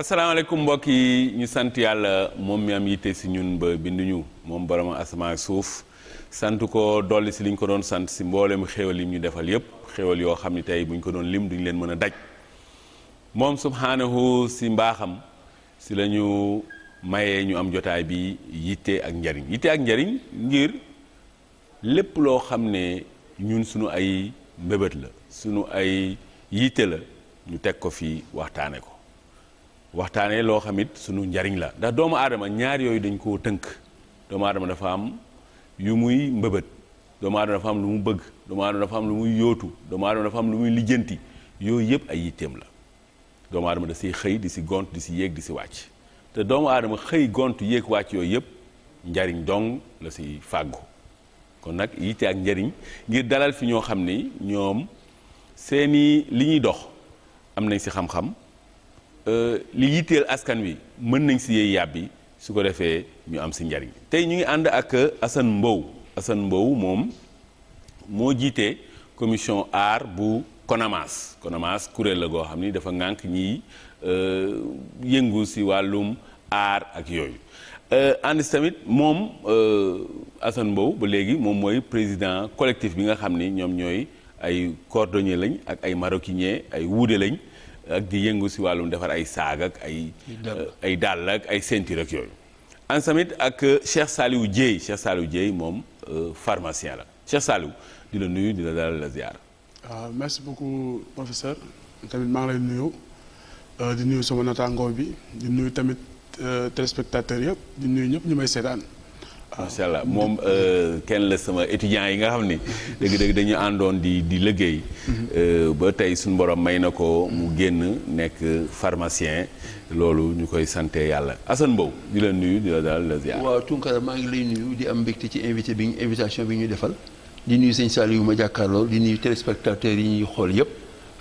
asalaamaaleykum mbokk yi ñu sant yàlla moom mi am yitte si ñun ba binduñu moom borom asamaan suuf sant ko dolli si li ko doon sant si mbooleem xéwal yi ñu defal yépp xéwal yoo xam ne tey bu ñu ko doon lim duñ leen mën a daj moom subhaanahu si mbaaxam si lañu ñu mayee ñu am jotaay bi yitte ak njariñ yitte ak njariñ ngir lépp loo xam ne ñun suñu ay mbébét la suñu ay yitte la ñu teg ko fii waxtaane ko waxtaanee loo xamit sunu njariñ la ndax doomu aadama ñaar yooyu dañ koo tënk doomu aadama dafa am yu muy mbëbët doomu aadama dafa am lu mu bëgg doomu aadama dafa am lu muy yootu doomu aadama dafa am lu muy lijjanti yooyu yëpp ay yitteem la doomu aadama da siy xëy di si gont di si yéeg di si wàcc te doomu aadama xëy gont yéeg wàcc yooyu yëpp njariñ dong la si fàggu kon nag yitte ak njariñ ngir dalal fi ñoo xam ni ñoom seeni li ñuy dox am nañ si xam-xam Euh, li yitteel askan wi mën nañ si yee yàbbi su ko defee ñu am si njariñ tey ñu ngi ànd ak Assane Mbow Assane Mbow moom moo jiite commission art bu Konamas Konamas kuréel la goo xam ni dafa ŋànk ñiy euh, yëngu si wàllum aar ak yooyu euh, ànd si tamit moom Assane Mbow ba léegi moom mooy président collectif bi nga xam ni ñoom ñooy ay cordonnier lañ ak ay maroquinier ay wuude lañ ak di yëngu si wàllum defar ay saag ak ay. ay dàll euh, ak ay ceinture ak yooyu. en samit ak euh, Cheikh Saliou Dieye Cheikh Saliou Dieye moom euh, pharmacien la Cheikh Saliou di la nuyu di la dalal la ziar. waaw ah, merci beaucoup professeur tamit maa ngi lay nuyu di nuyu sama nataangoo bi di nuyu tamit téléspectateurs yëpp di nuyu ñëpp ñu may seetaan. macha allah moom euh, kenn la sama étudiant yi nga xam ni dëgg-dëgg dañu àndoon di di liggéey. Euh, ba tey suñu borom may na ko mu génn nekk pharmacien loolu ñu koy sante yàlla Assane Mbow di la nuyu di la daal la ziar. waaw Tounkara maa ngi lay nuyu di am mbégte ci invité bi invitation bi ñu defal di nuyu sëñ Saliou ma jàkkaarloo di nuyu téléspectateurs yi ñuy xool yëpp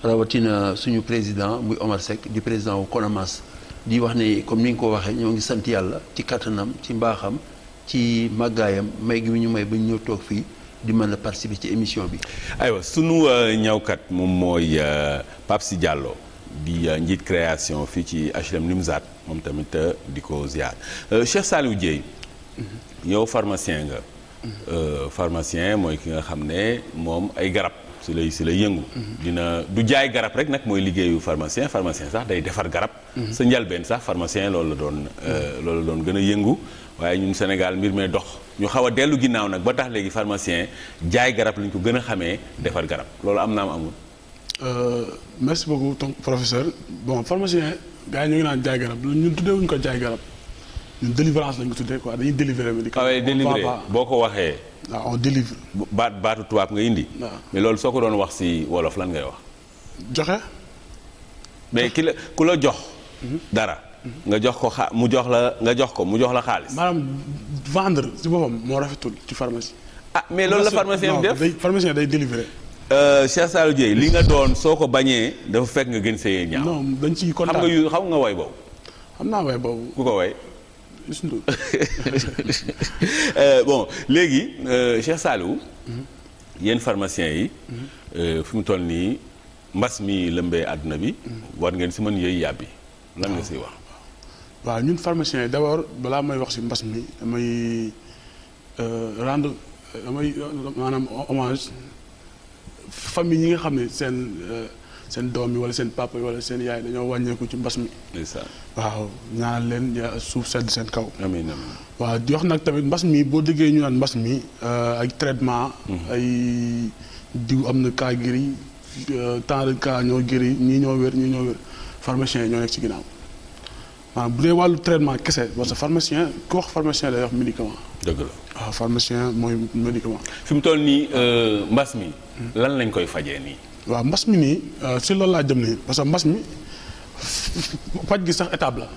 rawatina suñu président muy Omar Seck di président wu Konamas di wax ne comme ni nga ko waxee ñoo ngi sant yàlla ci kattanam ci mbaaxam. ci màggaayam may bi ñu may ba ñu ñëw toog fii di mën a participer ci émission bi. aywa sunu euh, ñawkat moom mooy euh, Pape jàlloo Diallo di euh, njiit création fii ci HLM Nimzat moom tamit di ko ziar Cheikh Saliou Dieye. Mhm. yow pharmacien nga. Mhm. pharmacien mooy ki nga xam ne moom ay garab. si lay si lay yëngu. Mhm. dina du jaay garab rek nag mooy liggéeyu pharmacien pharmacien sax day defar garab. sa njalbeen sax pharmacien loolu la doon loolu la doon gën a yëngu. waaye ñun Sénégal mbir mee dox ñu xaw a dellu ginnaaw nag ba tax léegi pharmacien jaay garab lañ ko gën a xamee defar garab loolu am naa am amul. Euh, merci beaucoup ton professeur bon pharmacien gars yi ñu ngi naan jaay garab ñun tuddee wuñ ko jaay garab ñun délivrance lañ ko tuddee quoi dañuy délivrer médicament ah boo ko waxee. waaw ah, on délivre. baat baatu tubaab nga indi. Ah. mais loolu soo ko doon wax ci wolof lan ngay wax. joxe. mais ki la ku la jox. Mhm. dara. nga jox ko xa mu jox la nga jox ko mu jox la xaalis. maanaam vendre si boppam moo rafetul ci pharmacie. ah mais loolu la pharmacien bi def pharmacien day délivrer. Euh, Cheikh Saliou Dieye li nga doon soo ko bañee dafa fekk nga gën see ñaaw. non dañ ciy kontaan xam yu xam nga way boobu. xam naa way boobu. ku ko way. Euh, bon léegi euh, Cheikh Saliou. Mhm. yéen yi. Mhm. fi mu toll nii mbas mi lëmbee àdduna bi. Mhm. war ngeen si mën yëy yàbbi lan nga ah. siy wax. waaw ñun pharmaciens yi d'abord balaa may wax ci mbas mi damay euh, rendre damay maanaam hommage famille ñi nga xam ne seen euh, seen doom yi wala seen papa yi wala seen yaay dañoo wàññeeku ci mbas mi. waaw ñaar leen suuf sedd seen kaw. amiin amiin waaw di wax nag tamit mbas mi boo déggee ñu naan mbas mi euh, ay traitement. Mhm. ay diw am na cas guéri tant de cas ñoo guéri ñii ñoo wér ñii ñoo wér pharmaciens yi ñoo nekk ci ginnaaw. waa bu dee wàllu traitement kese parce que pharmacien ku wax pharmacien day wax médicament. dëgg la waaw ah, pharmacien mooy médicament. fi mu toll nii euh, mbas mi. lan lañ koy fajee nii. waa mbas mi nii euh, si loolu laa jëm nii parce que mbas mi paj gi sax étape la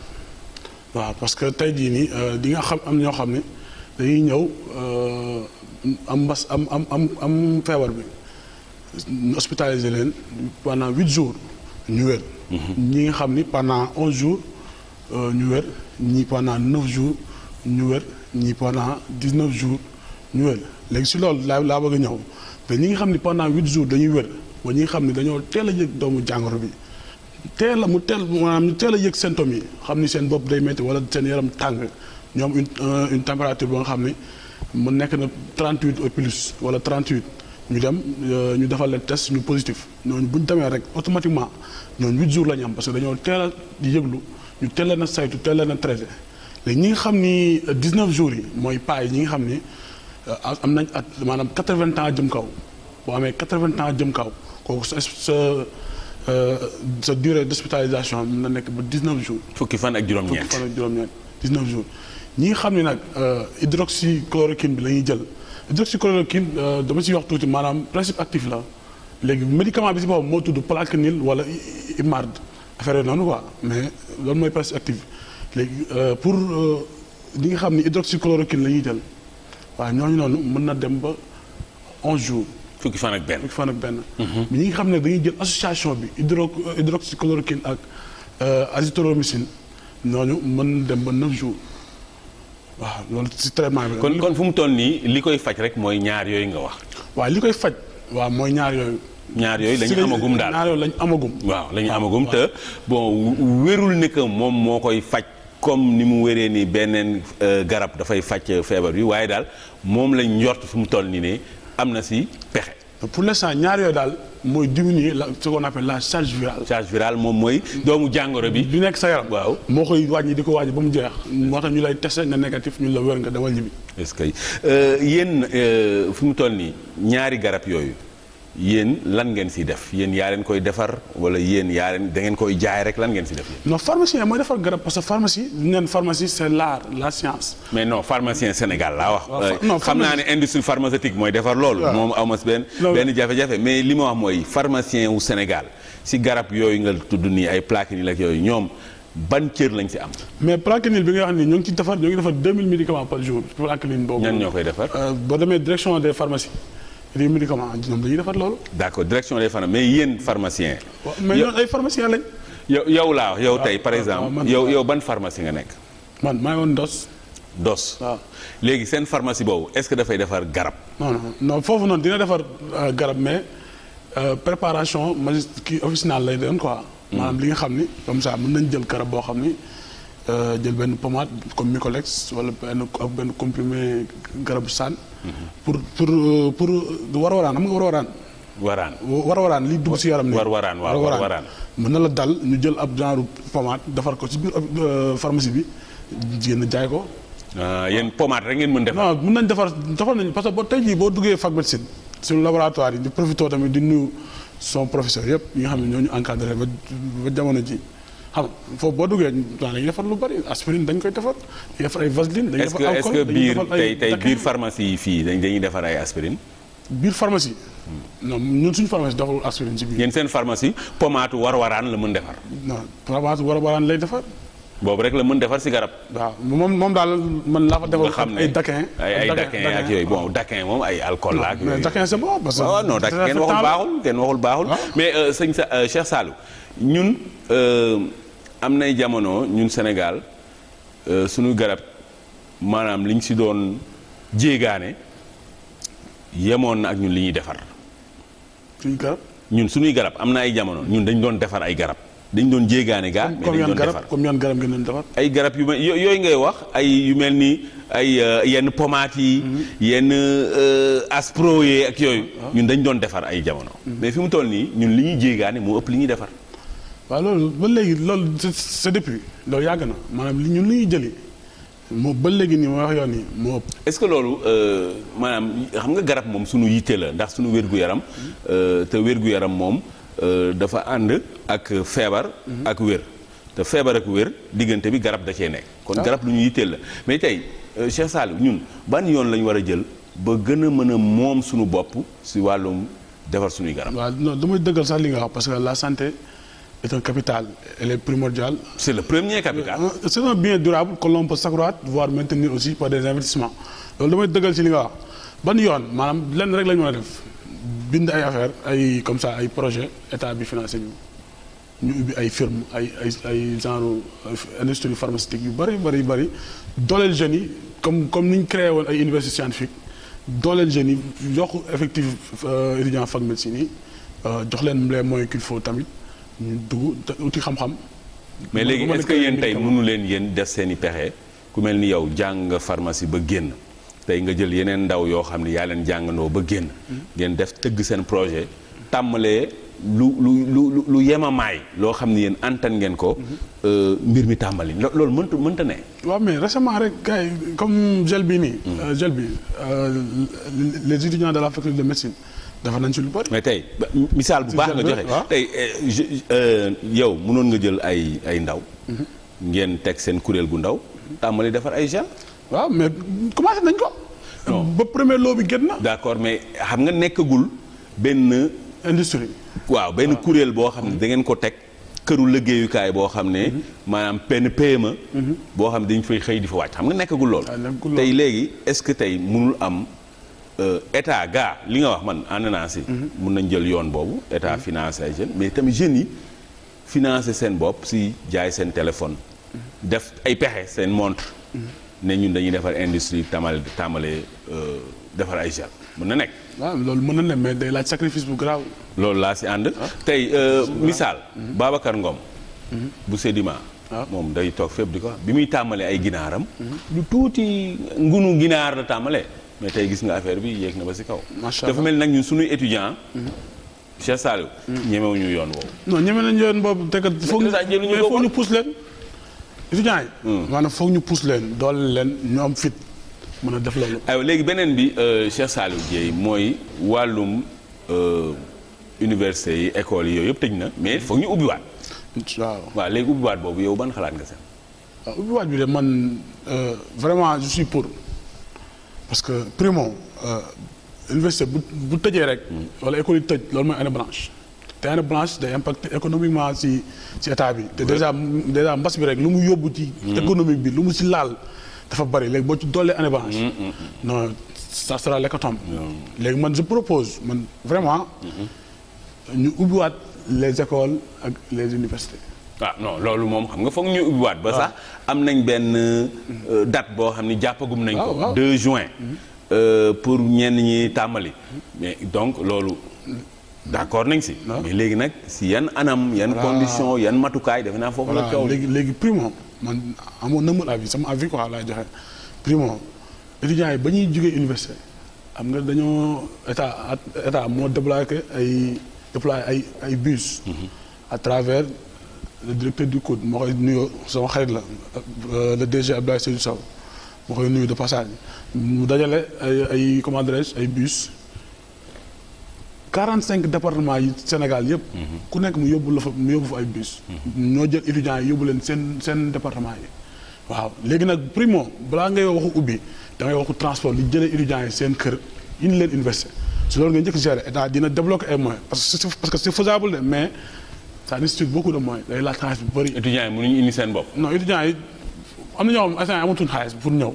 waaw parce que tey jii nii euh, di nga xam am ñoo xam ne dañuy ñëw am mbas am am am am feebar bi hospitalisé leen pendant huit jours ñu wér. Mhm. ñi nga xam ni pendant onze jours. Euh, ñu wér ñii pendant neuf jours ñu wér ñii pendant dix neuf jours ñu wér léegi si lool laa laa bëgg a ñëw te ñi nga xam ne pendant huit jours dañuy wér ba ñi nga xam ne dañoo teel a yëg doomu jàngoro bi teel a mu teel mu ñu teel a yëg symptômes yi xam ni seen bopp day métti wala seen yaram tàng ñoom une une température ba nga xam ne mu nekk na 38 au plus wala 38 ñu dem euh, ñu defal leen test ñu positif ñooñu bu ñu demee rek automatiquement ñooñu huit jours la ñu am parce que dañoo teel a yëglu. ñu teel leen a saytu na leen traité léegi ñi nga xam ni 19 jours yi mooy paa ñi nga xam ni am nañ at maanaam 80 ans jëm kaw boo amee 80 ans jëm kaw kooku sa sa sa durée d'hospitalisation mën na nekk ba 19 jours. fukki fan ak juróom-ñeent fukki fan ak juróom-ñeent ñi nga xam ni nag hydroxychloroquine bi lañuy jël jël hydroxychloroquine dama siy wax tuuti maanaam principe actif la léegi médicament bi si boppam moo tudd plaquenil wala Imard. affaire yooyu noonu quoi mais loolu mooy presse active léegi euh, pour euh, ñi nga xam ni hydroxychloroquine la ñuy jël waaw ñooñu noonu mën na dem ba 11 jours. fukki fan ak benn fukki benn. Mhm. mais ñi nga xam ne dañuy jël association bi hydro euh, hydroxychloroquine ak azithromycine ñooñu mën na dem ba 9 jours. waaw loolu ci traitement bi. kon kon fu mu toll nii li koy faj rek mooy ñaar yooyu nga wax. waa li koy faj waaw mooy ñaar yooyu. ñaar yooyu lañu amagum daal ñaar yooyu lañu amagum. waaw lañu amagum te bon wérul ni que moom moo koy faj comme ni mu wéree ni beneen euh, garab dafay faj euh, feebar bi waaye daal moom lañ njort fu mu toll nii ne am na si pexe. pour l'instant ñaar yooyu daal mooy diminuer la ce qu'on la charge virale. charge moom mooy. doomu jàngoro bi bi nekk sa yaram. waaw moo koy wàññi di ko wàññi ba mu jeex. moo tax ñu lay testé nga négatif ñu la wér nga dawal ñibbi. est-ce que euh, yéen fu mu toll nii ñaari garab yooyu. yéen lan ngeen si def yéen yaa leen koy defar wala yéen yaa leen da ngeen koy jaay rek lan ngeen si def. non pharmacien mooy defar garab parce que pharmacie ñu naan pharmacie c' est l' art la science. mais non pharmacien Sénégal laa wax. non xam naa ne industrie pharmaceutique mooy defar loolu. moom aw ma benn benn jafe-jafe mais li ma wax mooy pharmacien u Sénégal si garab yooyu nga tudd nii ay Plaquenil ak yooyu ñoom. ban cër lañ ci am. mais Plaquenil bi nga xam ne ñoo ngi ci defar ñoo ngi defar 2000 des médicaments ñoom dañuy defar loolu. d' accord direction des pharmacies mais yéen pharmacien. mais ñoom ay pharmacien lañ. yow yow laa yow ah, tey par ah, exemple yow ah. yow ban pharmacie nga nekk. man maa ngi dos. dos léegi seen pharmacie boobu est ce que dafay defar garab. noonu non foofu noonu dina defar euh, garab mais euh, préparation magist kii officinale lay doon quoi. Hmm. maanaam li nga xam ni comme ça mën nañ jël garab boo xam ni. Euh, jël benn pommade comme Micolex wala benn ak benn comprimé garabu saan. Mhm. pour pour euh, pour euh, war waraan xam nga war waraan. waraan war waraan li dugg si yaram nii. war waraan waaw war waraan mën na la dal ñu jël ab genre pommade defar ko ci biir pharmacie bi jigéen jaay ko. Ah, yéen pommade rek ngeen mën defar. non mën nañ defar defar nañu parce que boo tey jii boo duggee fac médecine suñu laboratoire yi di profité tamit di nuyu son professeur yëpp yi nga xam ne ñoo ñu ba ba jamono ji xam foofu boo duggee dañuy defar lu bari aspirine dañ koy defar dañuy defar ay vaseline. dañuy defar est biir tey tey biir pharmacie yi fii dañuy defar ay aspirine. biir pharmacie. Hmm. non ñun suñu pharmacie defarul aspirine ci biir. yéen seen pharmacie pommade war-waraan la mën defar. non pommade war-waraan lay defar. boobu rek la mën defar si garab. waaw moom moom daal man laa fa defal ay daquin ay daquin ak yooyu bon daquin moom ay alcool la ak yooyu. daquin c'est bon parce que. waaw ah, non daquin kenn waxul euh, sa euh, Cheikh Saliou ñun. Euh, am na ay jamono ñun senegal euh, suñu garab maanaam li ñu si doon jéegaane yemoon na ak ñun li ñuy defar. suñu garab ñun suñuy garab am na ay jamono ñun dañu doon defar ay garab. dañ doon jéegaane gaa mais dañ doon defar comme yan garab ngeen doon defar. ay garab yu mel yooyu ngay wax ay yu mel ni ay euh, yenn pomaat yi. Mm-hmm. yenn euh, aspro yi ak yooyu. Ah, ah. ñun dañu doon defar ay jamono. Mm-hmm. mais fi mu toll nii ñun li ñuy jéegaane moo ëpp li ñuy defar. waaw loolu ba léegi loolu c'est depuis loolu yàgg na maanaam li ñun lu ñuy jëli moo ba léegi nii ma wax yoon nii moo ëpp. est-ce que loolu euh, maanaam xam nga garab moom suñu yitte la ndax suñu wér-gu-yaram mm-hmm. euh, te wér yaram moom euh, dafa ànd ak feebar mm-hmm. ak wér te feebar ak wér diggante bi garab da cee nekk kon ah. garab lu ñu yitteel la mais tey Cheikh Saliou ñun ban yoon la ñu war a jël ba gën a mën a moom suñu bopp si wàllum defar suñuy garab waaw non damay dëggal sax li nga wax parce que la santé est un capital elle est primordiale. c'est le premier capital. Euh, euh, c'est un bien durable que l'on peut s'accroître voire maintenir aussi par des investissements loolu damay dëggal ci li nga wax ban yoon maanaam lenn rek la ñu mën def bind ay affaire ay comme ça ay projet état bi financé ñu ñu ubbi ay firme ay ay ay genre euh, industrie pharmaceutique yu bëri bëri bëri dooleel jeunes comme comme ni ñu créé woon ay université scientifique dooleel jeunes yi effective effectif étudiant fac médecine yi jox leen les moyens qu'il faut tamit ñu te uti xam-xam. mais léegi est-ce que yéen tey mënu leen yéen def seen i pexe ku mel ni yow jàng nga pharmacie ba génn tey nga jël yeneen ndaw yoo xam ne yaa leen jàngandoo ba génn. Hmm. ngeen def tëgg seen projet. tàmmalee lu lu lu lu yemamaay loo xam ne yéen antan ngeen ko. Hmm. Euh, mbir mi tàmbali loolu mënta mënta ne. waaw mais récemment rek gars yi comme gel bi nii. Hmm. Euh, gel euh, les étudiants de la faculté de médecine. dafa nañ ci lu bari mais tey misaal bu baax nga joxe ah. tey eh, euh, yow mënoon nga jël ay ay ndaw. Mhm. ngeen teg seen kuréel gu ndaw. tàmbali defar ay gel. waaw mais commencé nañ ko. ba premier lot bi génn na. d'accord mais xam nga nekkagul benn. industrie. waaw benn kuréel boo xam ne mhm. da ngeen ko teg. këru liggéeyukaay boo xam ne mhm. maanaam penn PME boo xam ne dañ fay xëy di fa wàcc xam nga nekkagul lool ah, tey léegi est-ce que tey mënul am Euh, état gaa li nga wax man ànd naa si. Mhm. mun nañ jël yoon boobu état mhm. financé ay jeunes mais tamit jeunes yi financé seen bopp si jaay seen téléphone. Mhm. def ay pexe seen montre. ne ñun dañuy defar industrie tàmbalee tàmbale euh, defar ay gel mun na nekk. loolu mën na ne mais day laaj bu grave. loolu laa si ànd. Ah. tey euh, misaal. Babacar Ngom. bu Sedima. Ah. moom day toog fépp di ko bi muy tàmbalee ay ginaaram. lu tuuti ngunu ginaar la tàmbalee. mais tey gis nga affaire bi yéeg na ba si kaw. macha allah dafa mel nag ñun suñuy étudiant mhm. Cheikh Saliou. Mhm. ñemewuñu yoon woowu. non ñeme nañu yoon boobu te kat. foog ñu pousse leen. étudiant yi. Hmm. maanaam foog ñu pousse leen doole leen ñoom fit mën a def loolu. aywa léegi beneen bi euh, Cheikh Saliou Dieye mooy wàllum euh, université yi école yi yooyu yëpp tëj na mais foog ñu ubbiwaat. waa waaw léegi ubbiwaat boobu yow ban xalaat nga seen. Ah, ubbiwaat bi de man euh, vraiment je suis pour. parce que primo euh, université bu bu tëjee rek. Mm. wala école yi tëj loolu mooy année blanche. te année blanche day impacté économiquement ci état bi. te déjà déjà mbas bi rek lu mu yóbbu ci. Mm. économique bi lu mu si laal dafa bari léegi boo ci dollee année blanche. Mm, non ça sera léegi man je propose man vraiment. Mm-hmm. ñu ubbiwaat les écoles ak les universités. ah non loolu moom xam nga foog ñu ubbiwaat ba sax am nañ benn euh, date boo xam ni jàppagum nañ ko 2 juin euh, pour ñenn ñi tàmbali mais donc loolu d'accord nañ si ah. mais léegi nag si yan anam yan ah. condition yan matukaay defe naa foofu la kaw léegi léegi primo man amoon namul avis sama avis quoi laay joxe primo étudiants yi ba ñuy jógee université am nga dañoo état état moo débloqué ay déployé ay ay bus mm-hmm. à travers le directeur du COUD moo koy nuyoo sama xarit la euh, le DG Abdoulaye Seydou moo koy nuyu de passage mu dajale ay ay comment dirais-je ay bus cinq departement yi Sénégal yëpp. Mhm. ku nekk mu yóbbu la fa mu yóbbu fa ay bus. Mhm. ñoo jël étudiants yi yóbbu leen seen seen département yi. waaw léegi nag primo balaa ngay waxu ubbi da ngay waxu transport li jëlee étudiants yi seen kër indi leen université si loolu nga njëkk gérer état dina débloquer ay moyens parce que c'est parce que mais. ça nécessite beaucoup de moyens day laaj xaalis bu bëri. étudiants yi mënuñu indi seen bopp. non étudiants yi am na ñoo xam instant yii amatuñu xaalis pour ñëw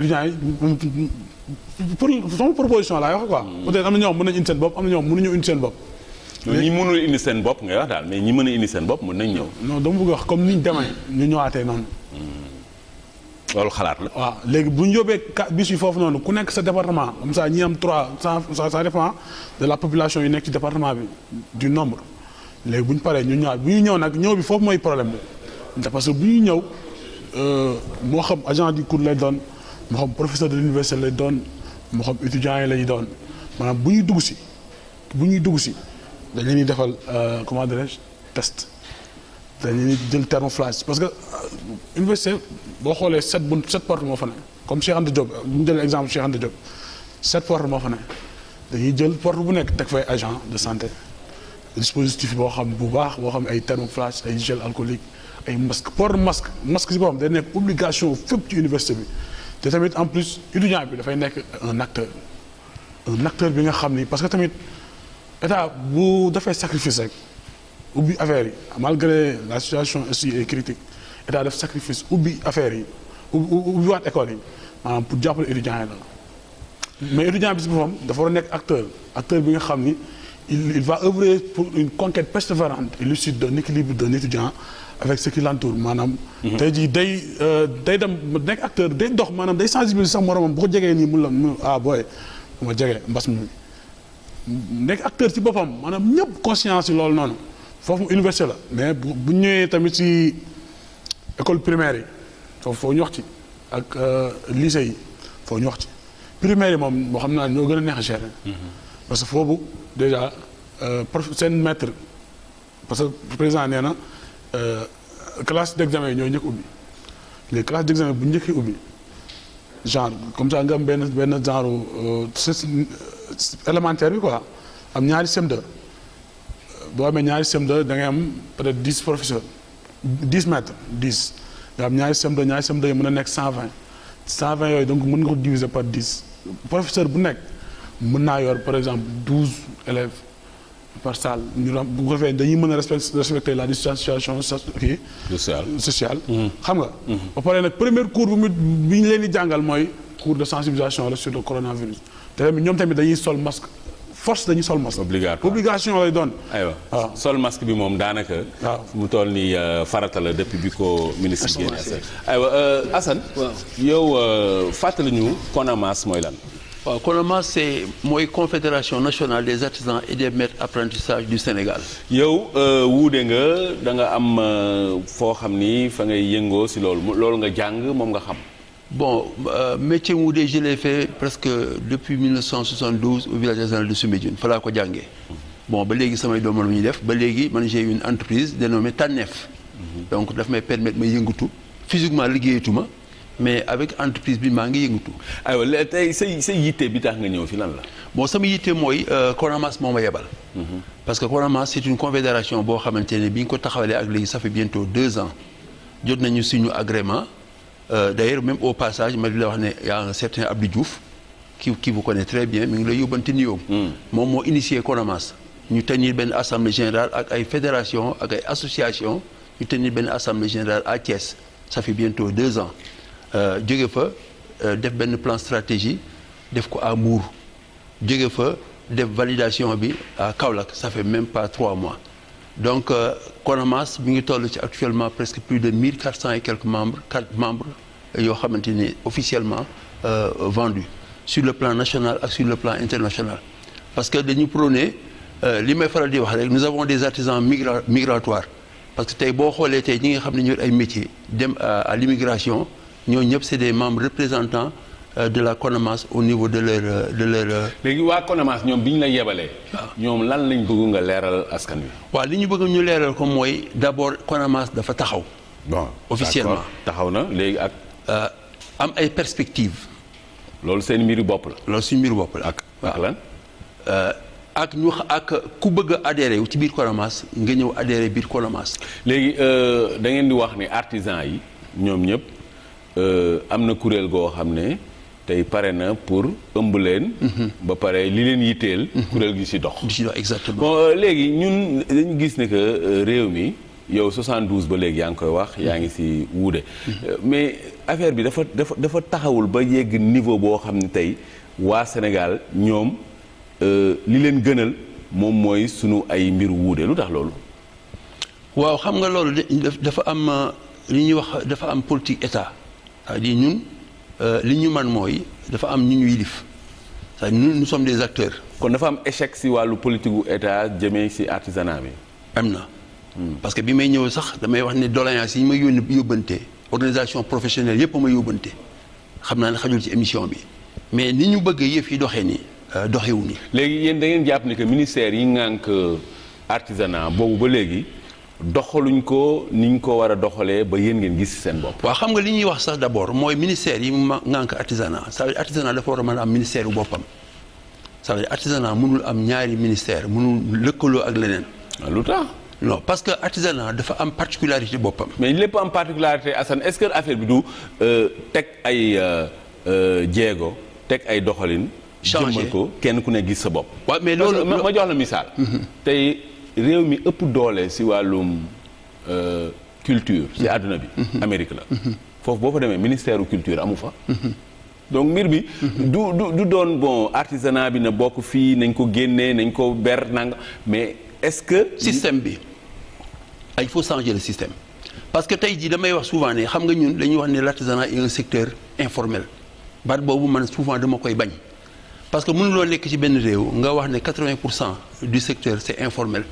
étudiants yi pour sama proposition laay wax quoi. Hmm. peut-être am na ñoo xam mën nañu indi seen bopp am na ñoo xam mënuñu seen bopp. ñi mënul indi seen bopp ngay wax daal mais ñi mën a indi seen bopp mën nañ ñëw. non dama bëgg wax comme niñ demee ñu ñëwaatee noonu. Hmm. loolu xalaat la. waa léegi bu ñu yóbbee bis yi foofu noonu ku nekk sa département comme ça ñi am trois ça la population yu nekk département bi du nombre. léegi bu ñu paree ñu ñaar bu ñëw nag ñëw bi foofu mooy problème bi parce que bu ñuy ñëw euh, moo xam agent du cours lay doon moo xam professeur de l'université lay doon moo xam étudiants yi lay doon maanaam bu ñuy dugg si bu ñuy dugg si dañ leen di defal euh, comment dirais-je test dañ leen di jël thermoflash parce que euh, université boo xoolee sept bunt sept porte moo fa comme Cheikh Anta Diop bu ñu jëlee exemple Cheikh Anta Diop sept porte moo fa ne dañuy jël porte bu nekk teg fay agent de santé dispositif boo xam bu baax boo xam ne ay thermoflash ay gel alcoolique ay masque port masque masque si boo xam day nekk obligation fépp ci université bi te tamit en plus étudiant bi dafay nekk un acteur un acteur bi nga xam ni parce que tamit état bu defee sacrifice rek ubbi affaire yi malgré la situation aussi est critique état def sacrifice ubbi affaire yi ubbi waat école yi maanaam pour jàppale étudiant yi la mais étudiant bi si boppam dafa war a nekk acteur acteur bi nga xam ni il, va œuvrer pour une conquête persévérante et lucide d'un équilibre d'un étudiant avec ce qui l'entoure maanaam mhm. tey jii day euh, day dem nekk acteur day dox maanaam day sensibiliser sax moromam bu ko jegee nii mun la mu ah booy ma jegee mbas mi nekk acteur ci boppam maanaam ñëpp conscience loolu noonu foofu mu université la mais bu bu ñëwee tamit ci école primaire yi foofu foo ñu wax ci ak euh, lycée yi foo ñu wax ci primaire yi moom moo xam naa ñoo gën a neex a gérer mhm. parce que foofu déjà euh, prof seen maître parce que président nee na euh, classe d' examen yi ñooy njëkk ubbi les classes d' bu njëkkee ubbi genre comme ça nga am benn benn genre euh, élémentaire bi quoi am ñaari cm boo amee ñaari CM2 da ngay am peut être dix professeurs dix maîtres dix nga am ñaari CM2 ñaari cm yi mën a nekk cent vingt cent vingt yooyu donc mën nga ko diviser par dix professeur bu nekk. mën naa yor par exemple douze élèves par salle ñu bu ko dañuy mën a respecter la distanciation kii. sociale sociale. Mm. xam nga. Mm-hmm. ba pare nag première cours bu mu bi ñu leen di jàngal mooy cours de sensibilisation la sur le coronavirus te tamit ñoom tamit dañuy sol masque. force dañu sol masque. obligato obligation lay doon. aywa sol masque bi moom daanaka. waaw mu toll nii euh, farata la depuis bi ko ministre génne. aywa euh, Assane. yow euh, fàttali ñu CONAMAS mooy lan. waaw CONAMAS c'est mooy confédération nationale des artisans et des maîtres apprentissage du Sénégal. yow euh, wuude nga da nga am euh, foo xam ni fa ngay yëngoo si loolu loolu nga jàng moom nga xam. bon euh, métier wuude je l'ai fait presque depuis 1972 au village national de Soumbédioune fa laa ko jàngee. bon ba léegi samay doom la ñuy def ba léegi man j'ai une entreprise dénommée Tànneef. Mhm. donc daf may permettre ma yëngatu physiquement liggéeyatuma. mais avec entreprise bi maa ngi yëngatu. aywa tey say say yitte bi tax nga ñëw fi lan la. bon sama yitte mooy euh, Conamas moo ma yebal. Mm-hmm. parce que Conamas c'est une confédération boo xamante ne bi nga ko taxawalee ak léegi ça fait bientôt deux ans jot nañu suñu agrément euh, d'ailleurs même au passage ma di la wax ne y a un certain Abdou Diouf qui qui vous connaît très bien mi ngi lay yóbbante nuyoo. Mm. moom moo initié Conamas. ñu tenir benn assemblée générale ak ay fédération ak association ñu tenir benn assemblée générale à Thiès ça fait Euh, jóge fa euh, def benn plan stratégie def ko à Mbour jóge fa def validation bi à Kaolack sa fait même pas trois mois donc Casamance euh, mi ngi toll ci actuellement presque plus de mille quatre cent et quelques membres quatre membres xamante ni officiellement vendus sur le plan national ak sur le plan international parce que dañu prôné li may faral di wax rek nous avons des artisans migratoires parce que tey boo xoolee tey ñi nga xam ne ñooy ay métier dem à l'immigration ñoo ñëpp c'est des membres représentants euh, de la CONAMAS au niveau de leur euh, de leur. Euh, léegi waa CONAMAS ñoom bi ñu la yebalee. Ah. ñoom lan lañ bëgg nga leeral askan wi. waa li ñu bëgg ñu leeral ko mooy d'abord CONAMAS dafa taxaw. bon officiellement taxaw na léegi ak. am ay perspectives. loolu seen mbiru bopp la. loolu suñu mbiru bopp la ak ak lan. ak ñu ak ku bëgg a adhéré ci biir CONAMAS nga ñëw adhéré biir CONAMAS. léegi da ngeen di wax ni artisans yi ñoom ñëpp. Euh, am na kuréel goo xam ne tey pare na pour ëmb leen. Mhm. ba pare li leen yitteel. Mhm. kuréel gi ci dox. ci dox bon euh, léegi ñun dañu gis ne que euh, réew mi yow 72 ba léegi yaa ngi koy wax yaa ngi ci wuude. Mhm. mais affaire bi dafa dafa dafa taxawul ba yegg niveau boo xam ne tey waa Sénégal ñoom li leen gënal moom mooy sunu ay mbir wuude lu tax loolu. waaw xam nga loolu dafa am li ñuy wax dafa am politique état. c'est-à-dire euh, euh, li ñu man mooy dafa am ñu ñu yilif c'est-à-dire ñun des acteurs. kon dafa am échec si wàllu politique gu état jëmee si artisanat bi. am na. Hmm. parce que bi may ñëw sax damay wax ne doléance yi ñu may yónni yóbbante organisation professionnelle yëpp may yóbbante xam naa ne xajul ci émission bi mais ni ñu bëgg yëf yi doxee nii euh, doxewu nii. léegi yéen da ngeen jàpp ni que ministère yi ngànk artisanat boobu ba léegi. doxaluñ ko niñ ko war a doxalee ba yéen ngeen gis seen bopp. waaw xam nga li ñuy wax sax d' abord mooy ministère yi mu ngànk artisanat ça veut dire artisanat dafa war a mën a am ministère bu boppam mënul am ñaari ministère mënul lëkkaloo ak leneen. Ah, lu tax. non parce que artisanat dafa am particularité boppam. mais lépp am particularité Assane est-ce que affaire bi du euh, teg ay euh, euh, jéego teg ay doxalin. changé ko kenn ku ne gis sa bopp. mais loolu ma jox la misaal. Mm-hmm. tey réew mi ëpp doole si wàllum euh, culture si mm-hmm. àdduna bi mm-hmm. Amérique la mm-hmm. foofu boo fa demee ministère culture amu fa donc mbir bi du du doon bon artisanat bi na bokk fii nañ ko génnee nañ ko ber nanga mais est-ce que système bi ah, il faut changer le système parce que tey jii damay wax souvent ne xam nga ñun dañuy wax ne l'artisanat est un secteur informel baat boobu man souvent dama koy bañ parce que mënuloo lekk ci benn réew nga wax ne 80 pour cent du secteur informel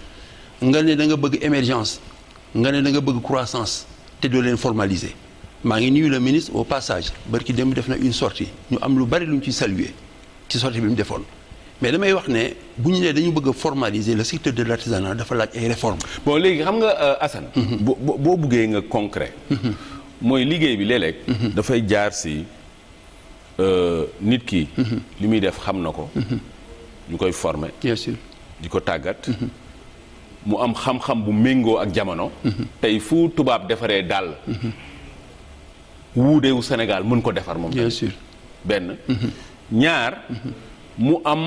nga ne da nga bëgg émergence nga ne da nga bëgg croissance te doo leen formaliser maa ngi nuyu le ministre au passage barki dem def na une sortie ñu am lu bari lu ñu ci saluer ci sortie bi mu defoon mais damay wax ne bu ñu nee dañu bëgg formaliser la secteur de l'artisanat dafa laaj ay réformes. bon léegi xam nga euh, Assane. Mhm. boo boo buggee nga concret. Mhm. mooy liggéey bi léeg mhm. dafay jaar si euh, nit ki. li muy def xam na ko. ñu koy former. bien di ko tàggat. mu am xam-xam bu méngoo ak jamono tey fu tubaab defaree dàll wuudewu Sénégal mën ko defar moom bien sûr benn mhm. ñaar mu am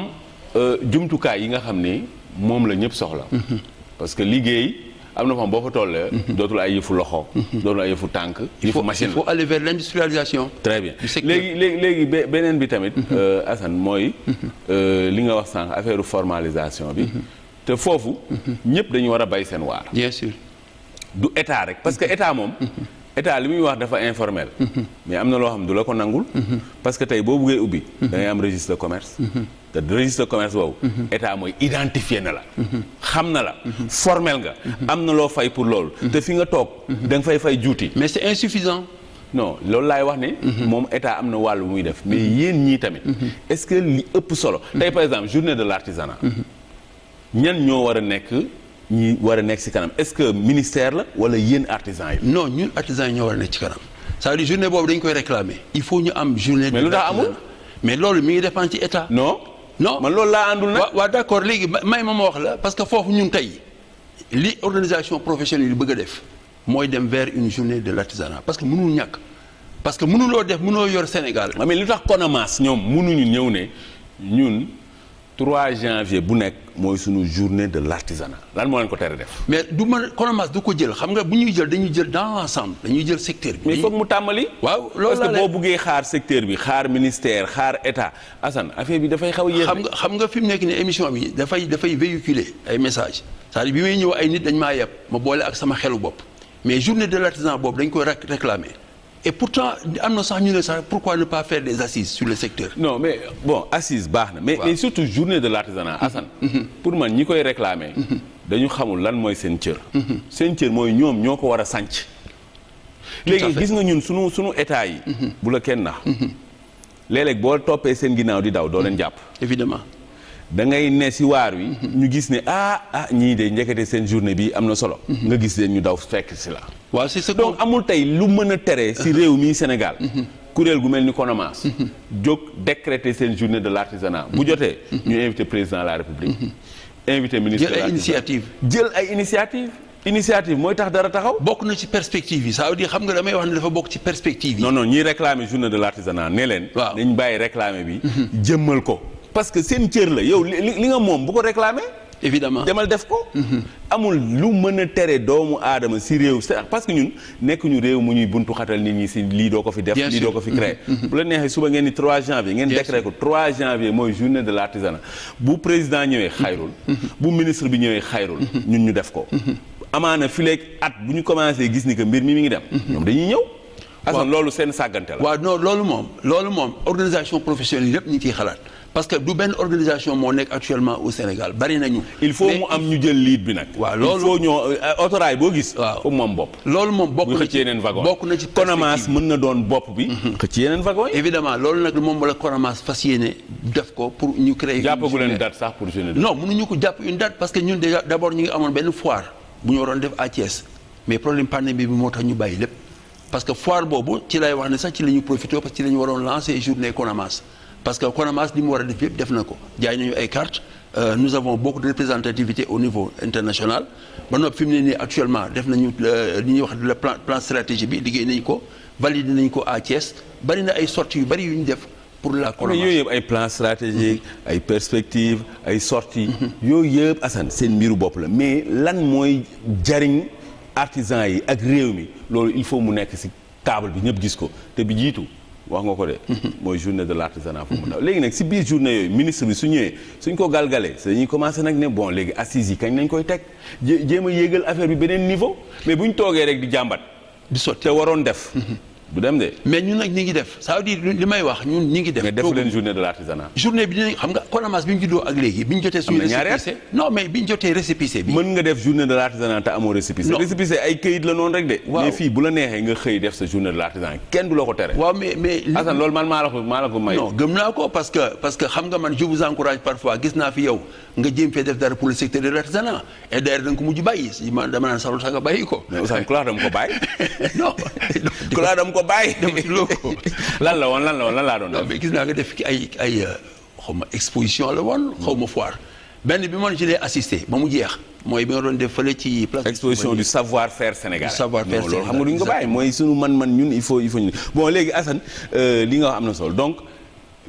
euh, jumtukaay yi nga xam ni moom la ñëpp soxla mhm. parce que liggéey am na fa boo fa tollee mhm. dootul ay yëfu loxo dootul ay yëfu tànk yëfu machine il faut aller vers bien léegi léegi léegi beneen bi tamit euh, Assane mooy euh, li nga wax sànq affaire formalisation bi te foofu. ñëpp dañu war a bay seen waar. bien sûr du état rek parce que état moom. état li muy wax dafa informel. mais am na loo xam du la ko nangul. parce que tey boo buggee ubbi. da ngay am registre de commerce. te registre de commerce boobu. état mooy identifier na la. xam na la. formel nga. am na loo fay pour loolu. te fi nga toog. da nga fay fay juuti. mais c'est insuffisant. non loolu laay wax ne. moom état am na wàll bu muy def. mais yéen ñii tamit. est-ce que li ëpp ñan ñoo war a nekk ñi war a nekk ci kanam est-ce que ministère la walla yéen artisans yi. non ñun artisans yi ñoo war a nekk ci kanam cest à journée boobu dañ koy réclamer il faut ñu am journée. mais lu tax amul mais loolu mi ngi dépendre ci état. non non man loolu laa àndul nag. waaw waaw d'accord léegi may ma ma wax la parce que foofu ñun tey li organisation professionnelle yi bëgg a def mooy dem vers une journée de l'artisanat parce que mënul ñàkk parce que mënuloo def mënoo yor Sénégal. Ah, mais lu tax CONAMAS ñoom mënuñu ñëw ne ñun. 3 janvier bu nekk mooy sunu journée de l'artisanat lan moo leen ko tere def. mais du ma Konomas du ko jël xam nga bu ñuy jël dañuy jël dans l'ensemble dañuy jël secteur bi. mais foog mu tàmbali. waaw loolu parce que boo buggee xaar secteur bi xaar ministère xaar état Assane affaire bi dafay xaw a xam nga xam nga fi mu nekk nii émission bi dafay dafay véhiculer ay message cest bi may ñëw ay nit dañ maa yeb ma boole ak sama xelu bopp mais journée de l'artisanat boobu dañ koy réclamer. et pourtant am na sax ñu ne sax pourquoi ne pas faire des assises sur le secteur. non mais bon assise baax na. mais mais surtout journée de l'artisanat mm-hmm. Assane. Mm-hmm. pour man ñi koy réclamer. Mm-hmm. dañu xamul lan mooy seen cër. seen cër mooy ñoom ñoo ko war a sànc. léegi gis nga ñun sunu sunu état yi. bu la kenn nax léeg boo toppee seen ginnaaw di daw doo leen jàpp. évidemment. da ngay ne si waar wi. ñu gis ne ah ah ñii de njëkkate seen journée bi am na solo. nga gis leen ñu daw fekk si la. waaw si sa donc amul tey lu mën a tere si réew mi Sénégal. kuréel gu mel ni Konomas. jóg décréter seen journée de l' artisanat bu jotee. ñu invité président la république. invité ministre jël ay jël ay initiative initiative mooy tax dara taxaw. bokk na ci perspective yi ça veut dire xam nga damay wax ne dafa bokk ci perspective yi. non non ñi réclamer journée de l' ne leen. waaw dañ bàyyi réclamer bi. jëmmal ko. parce que seen cër la yow li li nga moom bu ko réclamer évidemment demal def ko mhm. amul lu mën a tere doomu aadama si réew c'est parce que ñun nekk ñu réew mu ñuy buntu xatal nit ñi si lii doo ko fi def lii doo ko fi créer mhm. Mhm. bu la neexee suba ngeen ni 3 janvier ngeen décret ko 3 janvier mooy journée de l'artisanat bu président ñëwee xayrul bu ministre bi ñëwee xayrul ñun ñu def ko amaana fileeg at bu ñu commencé gis ni que mbir mi mi ngi dem ñoom dañuy ñëw asan loolu seen sàggante la waaw non loolu moom loolu moom organisation yëpp ñu ngi xalaat parce que du benn organisation moo nekk actuellement au Sénégal bari nañu. il faut mu am ñu jël lead bi nag. waa loolu il faut ñoo euh, autorail boo gis. waaw moom bopp. loolu moom bokk na ci yeneen wagon bokk na ci Konamas mën na doon bopp bi. Mhm. xëcc yeneen wagon yi. évidemment loolu nag moom la Konamas fas yéene def ko pour ñu créer. jàppagu pour jeune non mënuñu ko jàpp une date parce que ñun déjà d' ñu ngi amoon benn foire bu ñu waroon def à mais problème pandémie bi moo tax ñu bàyyi lépp parce que foire boobu ci lay wax ne sax ci la ñu profité parce parce que Casamance li mu war a def yëpp def na ko jaay nañu ay cartes euh, nous avons beaucoup de représentativité au niveau international ba noppi fi mu ne nii actuellement def nañu euh, li ñuy wax le plan plan stratégie bi liggéey nañ ko validé nañ ko à Thiès bari na ay sorties yu bari yu ñu def. pour la Casamance mais yooyu yëpp ay plans stratégiques mm-hmm. ay perspectives ay sorties. Mm-hmm. yooyu yëpp Assane seen mbiru bopp la mais lan mooy jariñ artisans yi ak réew mi loolu il faut mu nekk ci table bi ñëpp gis ko te bi jiitu. wax nga ko de. mooy journée de l' artisanat fu mu daw léegi nag si biir journée yooyu ministre bi su ñëwee suñ ko galgalee dañuy commencé nag ne bon léegi assises yi kañ nañ koy teg jéem a yéegal affaire bi beneen niveau mais bu ñu toogee rek di jàmbat. di sotti te waroon def. du dem de. mais ñun nag ñi ngi def ça veut li may wax ñun ñi ngi def. mais def leen de l'artisanat. journée bi dinañ xam nga Casamance bi ñu juddoo ak léegi bi ñu jotee. suñu récépissé bi ñu nga def journée de l'artisanat te amoo récépissé. ay këyit la noonu rek de. waaw mais fii bu la neexee nga xëy def sa journée de l'artisanat kenn du la ko tere. waaw mais mais li Assane loolu man ko maa gëm naa ko parce que xam nga man je vous encourage parfois gis naa ko bàyyi. lan la woon lan la woon lan laa doon. non gis naa nga def ki ay euh, xaw ma exposition la woon xaw ma foire benn bi ma ci lay ba mu jeex mooy bi nga doon def fële ci place. exposition du savoir faire Sénégal. du savoir faire Sénégal loolu xam nga duñ ko bàyyi mooy sunu man-man ñun il faut il faut ñu bon léegi euh, li nga wax am na solo donc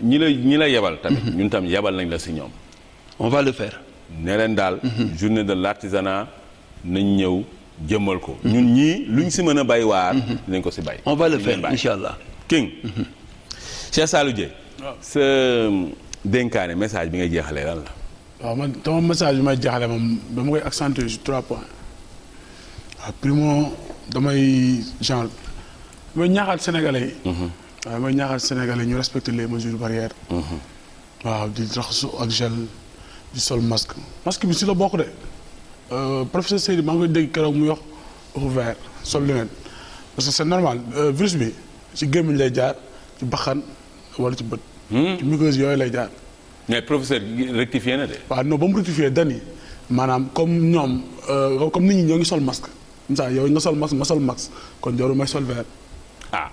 ñi la ñi la yebal. tamit mhm. ñun tam yebal nañ la si ñoom. on va le faire. ne leen daal. Mhm. journée de l'artisanat nañ ñëw. jëmmal ko. ñun ñii luñ si mën a bay waar. Mhm. dinañ ko si bay. on va le faire incha allah King. Mhm. Cheikh Saliou sa euh, dénkaane message bi nga jeexale lan la. waaw man bi may jeexalee moom dama koy accentuer sur damay genre damay ñaaxaat sénégalais yi. Mhm. waaw damay ñaaxaat sénégalais ñu respecter les mesures barrières. waaw di raxasu ak gel di sol masque masque bi si la bokk de. Euh, professeur Seydi maa ngi koy dégg keroog muy wax ouvert sol lunette parce que c'est normal euh, virus bi ci gémmiñ lay jaar ci baxan wala ci bët. Hmm? ci muqueuses yooyu lay jaar. mais professeur rectifié na de. waaw non ba mu rectifié dani maanaam comme ñoom euh, comme nit ñi ñoo ngi sol masque comme ça yow nga sol masque ma sol masque kon jarul may sol verre. ah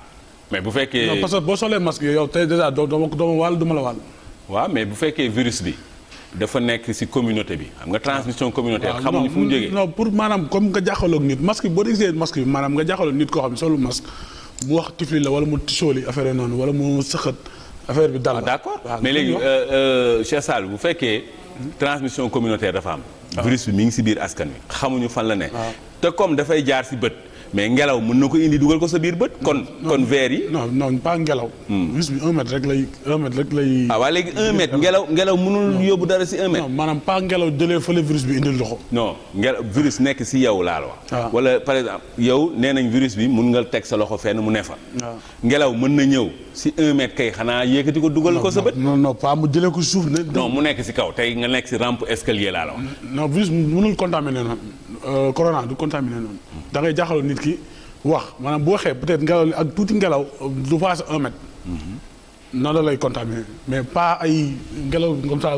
mais bu fekkee. non que boo solee masque yow te déjà doo doo ma wàll du la wàll. waaw mais bu fekkee virus bi. dafa nekk ci communauté bi xam nga transmission communautaire. xamuñu fu mu jógee non pour maanaam comme nga jaxaloog nit masque boo gisee masque bi maanaam nga jaxaloog nit koo xam ne solu masque mu wax tifli la wala mu tisóoli affaire noonu wala mu sëqat affaire bi dal la. Ah, d'accord mais léegi euh, euh, Cheikh Sall bu fekkee transmission communautaire dafa am. Ah. virus bi mi ngi ci biir askan bi xamuñu fan la ne. Ah. te comme dafay jaar ci bët. mais ngelaw mun na ko indi dugal ko sa biir bët. kon kon veer yi. no non pas ngelaw. bus hmm. bi rek lay un rek lay. ah waa léegi ngelaw ngelaw mënul yóbbu dara si un maanaam pas ngelaw jële fële virus bi indil loxo. no ngelaw virus nekk si yow laa la wax. Ah. wala par exemple yow nee nañ virus bi mun nga teg sa loxo fenn mu ne fa. Ah. ngelaw mën na ñëw si un mètre kay xanaa yékkati ko dugal ko sa bët. non non pas mu jëlee ko suuf ne. non mu nekk si kaw tey nga nekk si rampe escalier laa la wax. non virus mënul contaminé noonu euh, corona du contaminé da ngay nit ki wax maanaam boo xee peut-être ngelaw ak tuuti ngelaw du passé un mètre. Mhm. noonu la lay contaminé mais pas ay ngelaw comme ça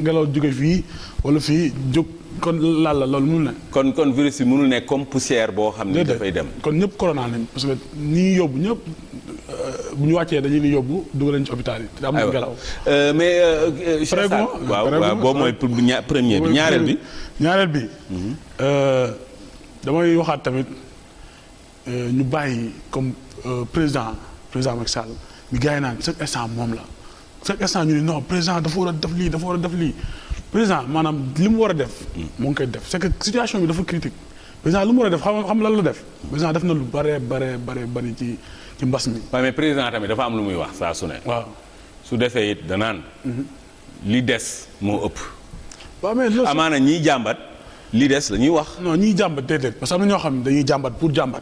ngelaw jóge fii wala fii jóg kon laal la loolu mënul ne. kon kon virus yi mënul ne comme poussière boo xam ne dafay dem. kon ñëpp corona nañ parce que ñi yóbbu ñëpp euh, bu ñu wàccee dañu leen yóbbu dugg leen ci hôpital yi. te am na ngelaw. Euh, mais. Euh, prégo waaw waaw boobu mooy ñaareel bi. ñaareel bi. Mhm. damay waxaat tamit euh, ñu bàyyi comme euh, président président Macky Sall mi gars yi naan chaque instant moom la chaque instant ñu ne non président dafa war a def lii dafa war a def lii président maanaam li mu war a def. mu ngi koy def c'est situation bi dafa critique président lu mu war a def xam xam lan la def. président def na lu bare bare bare bari ci ci mbas mi. waaw mais président tamit dafa am lu muy wax saa su ne. waaw su defee it danaan. Mhm. li des moo ëpp. waaw mais loolu amaana ñiy jàmbat. li des la wax. non ñuy jàmbat déedéet parce que am na ñoo xam pour jàmbat.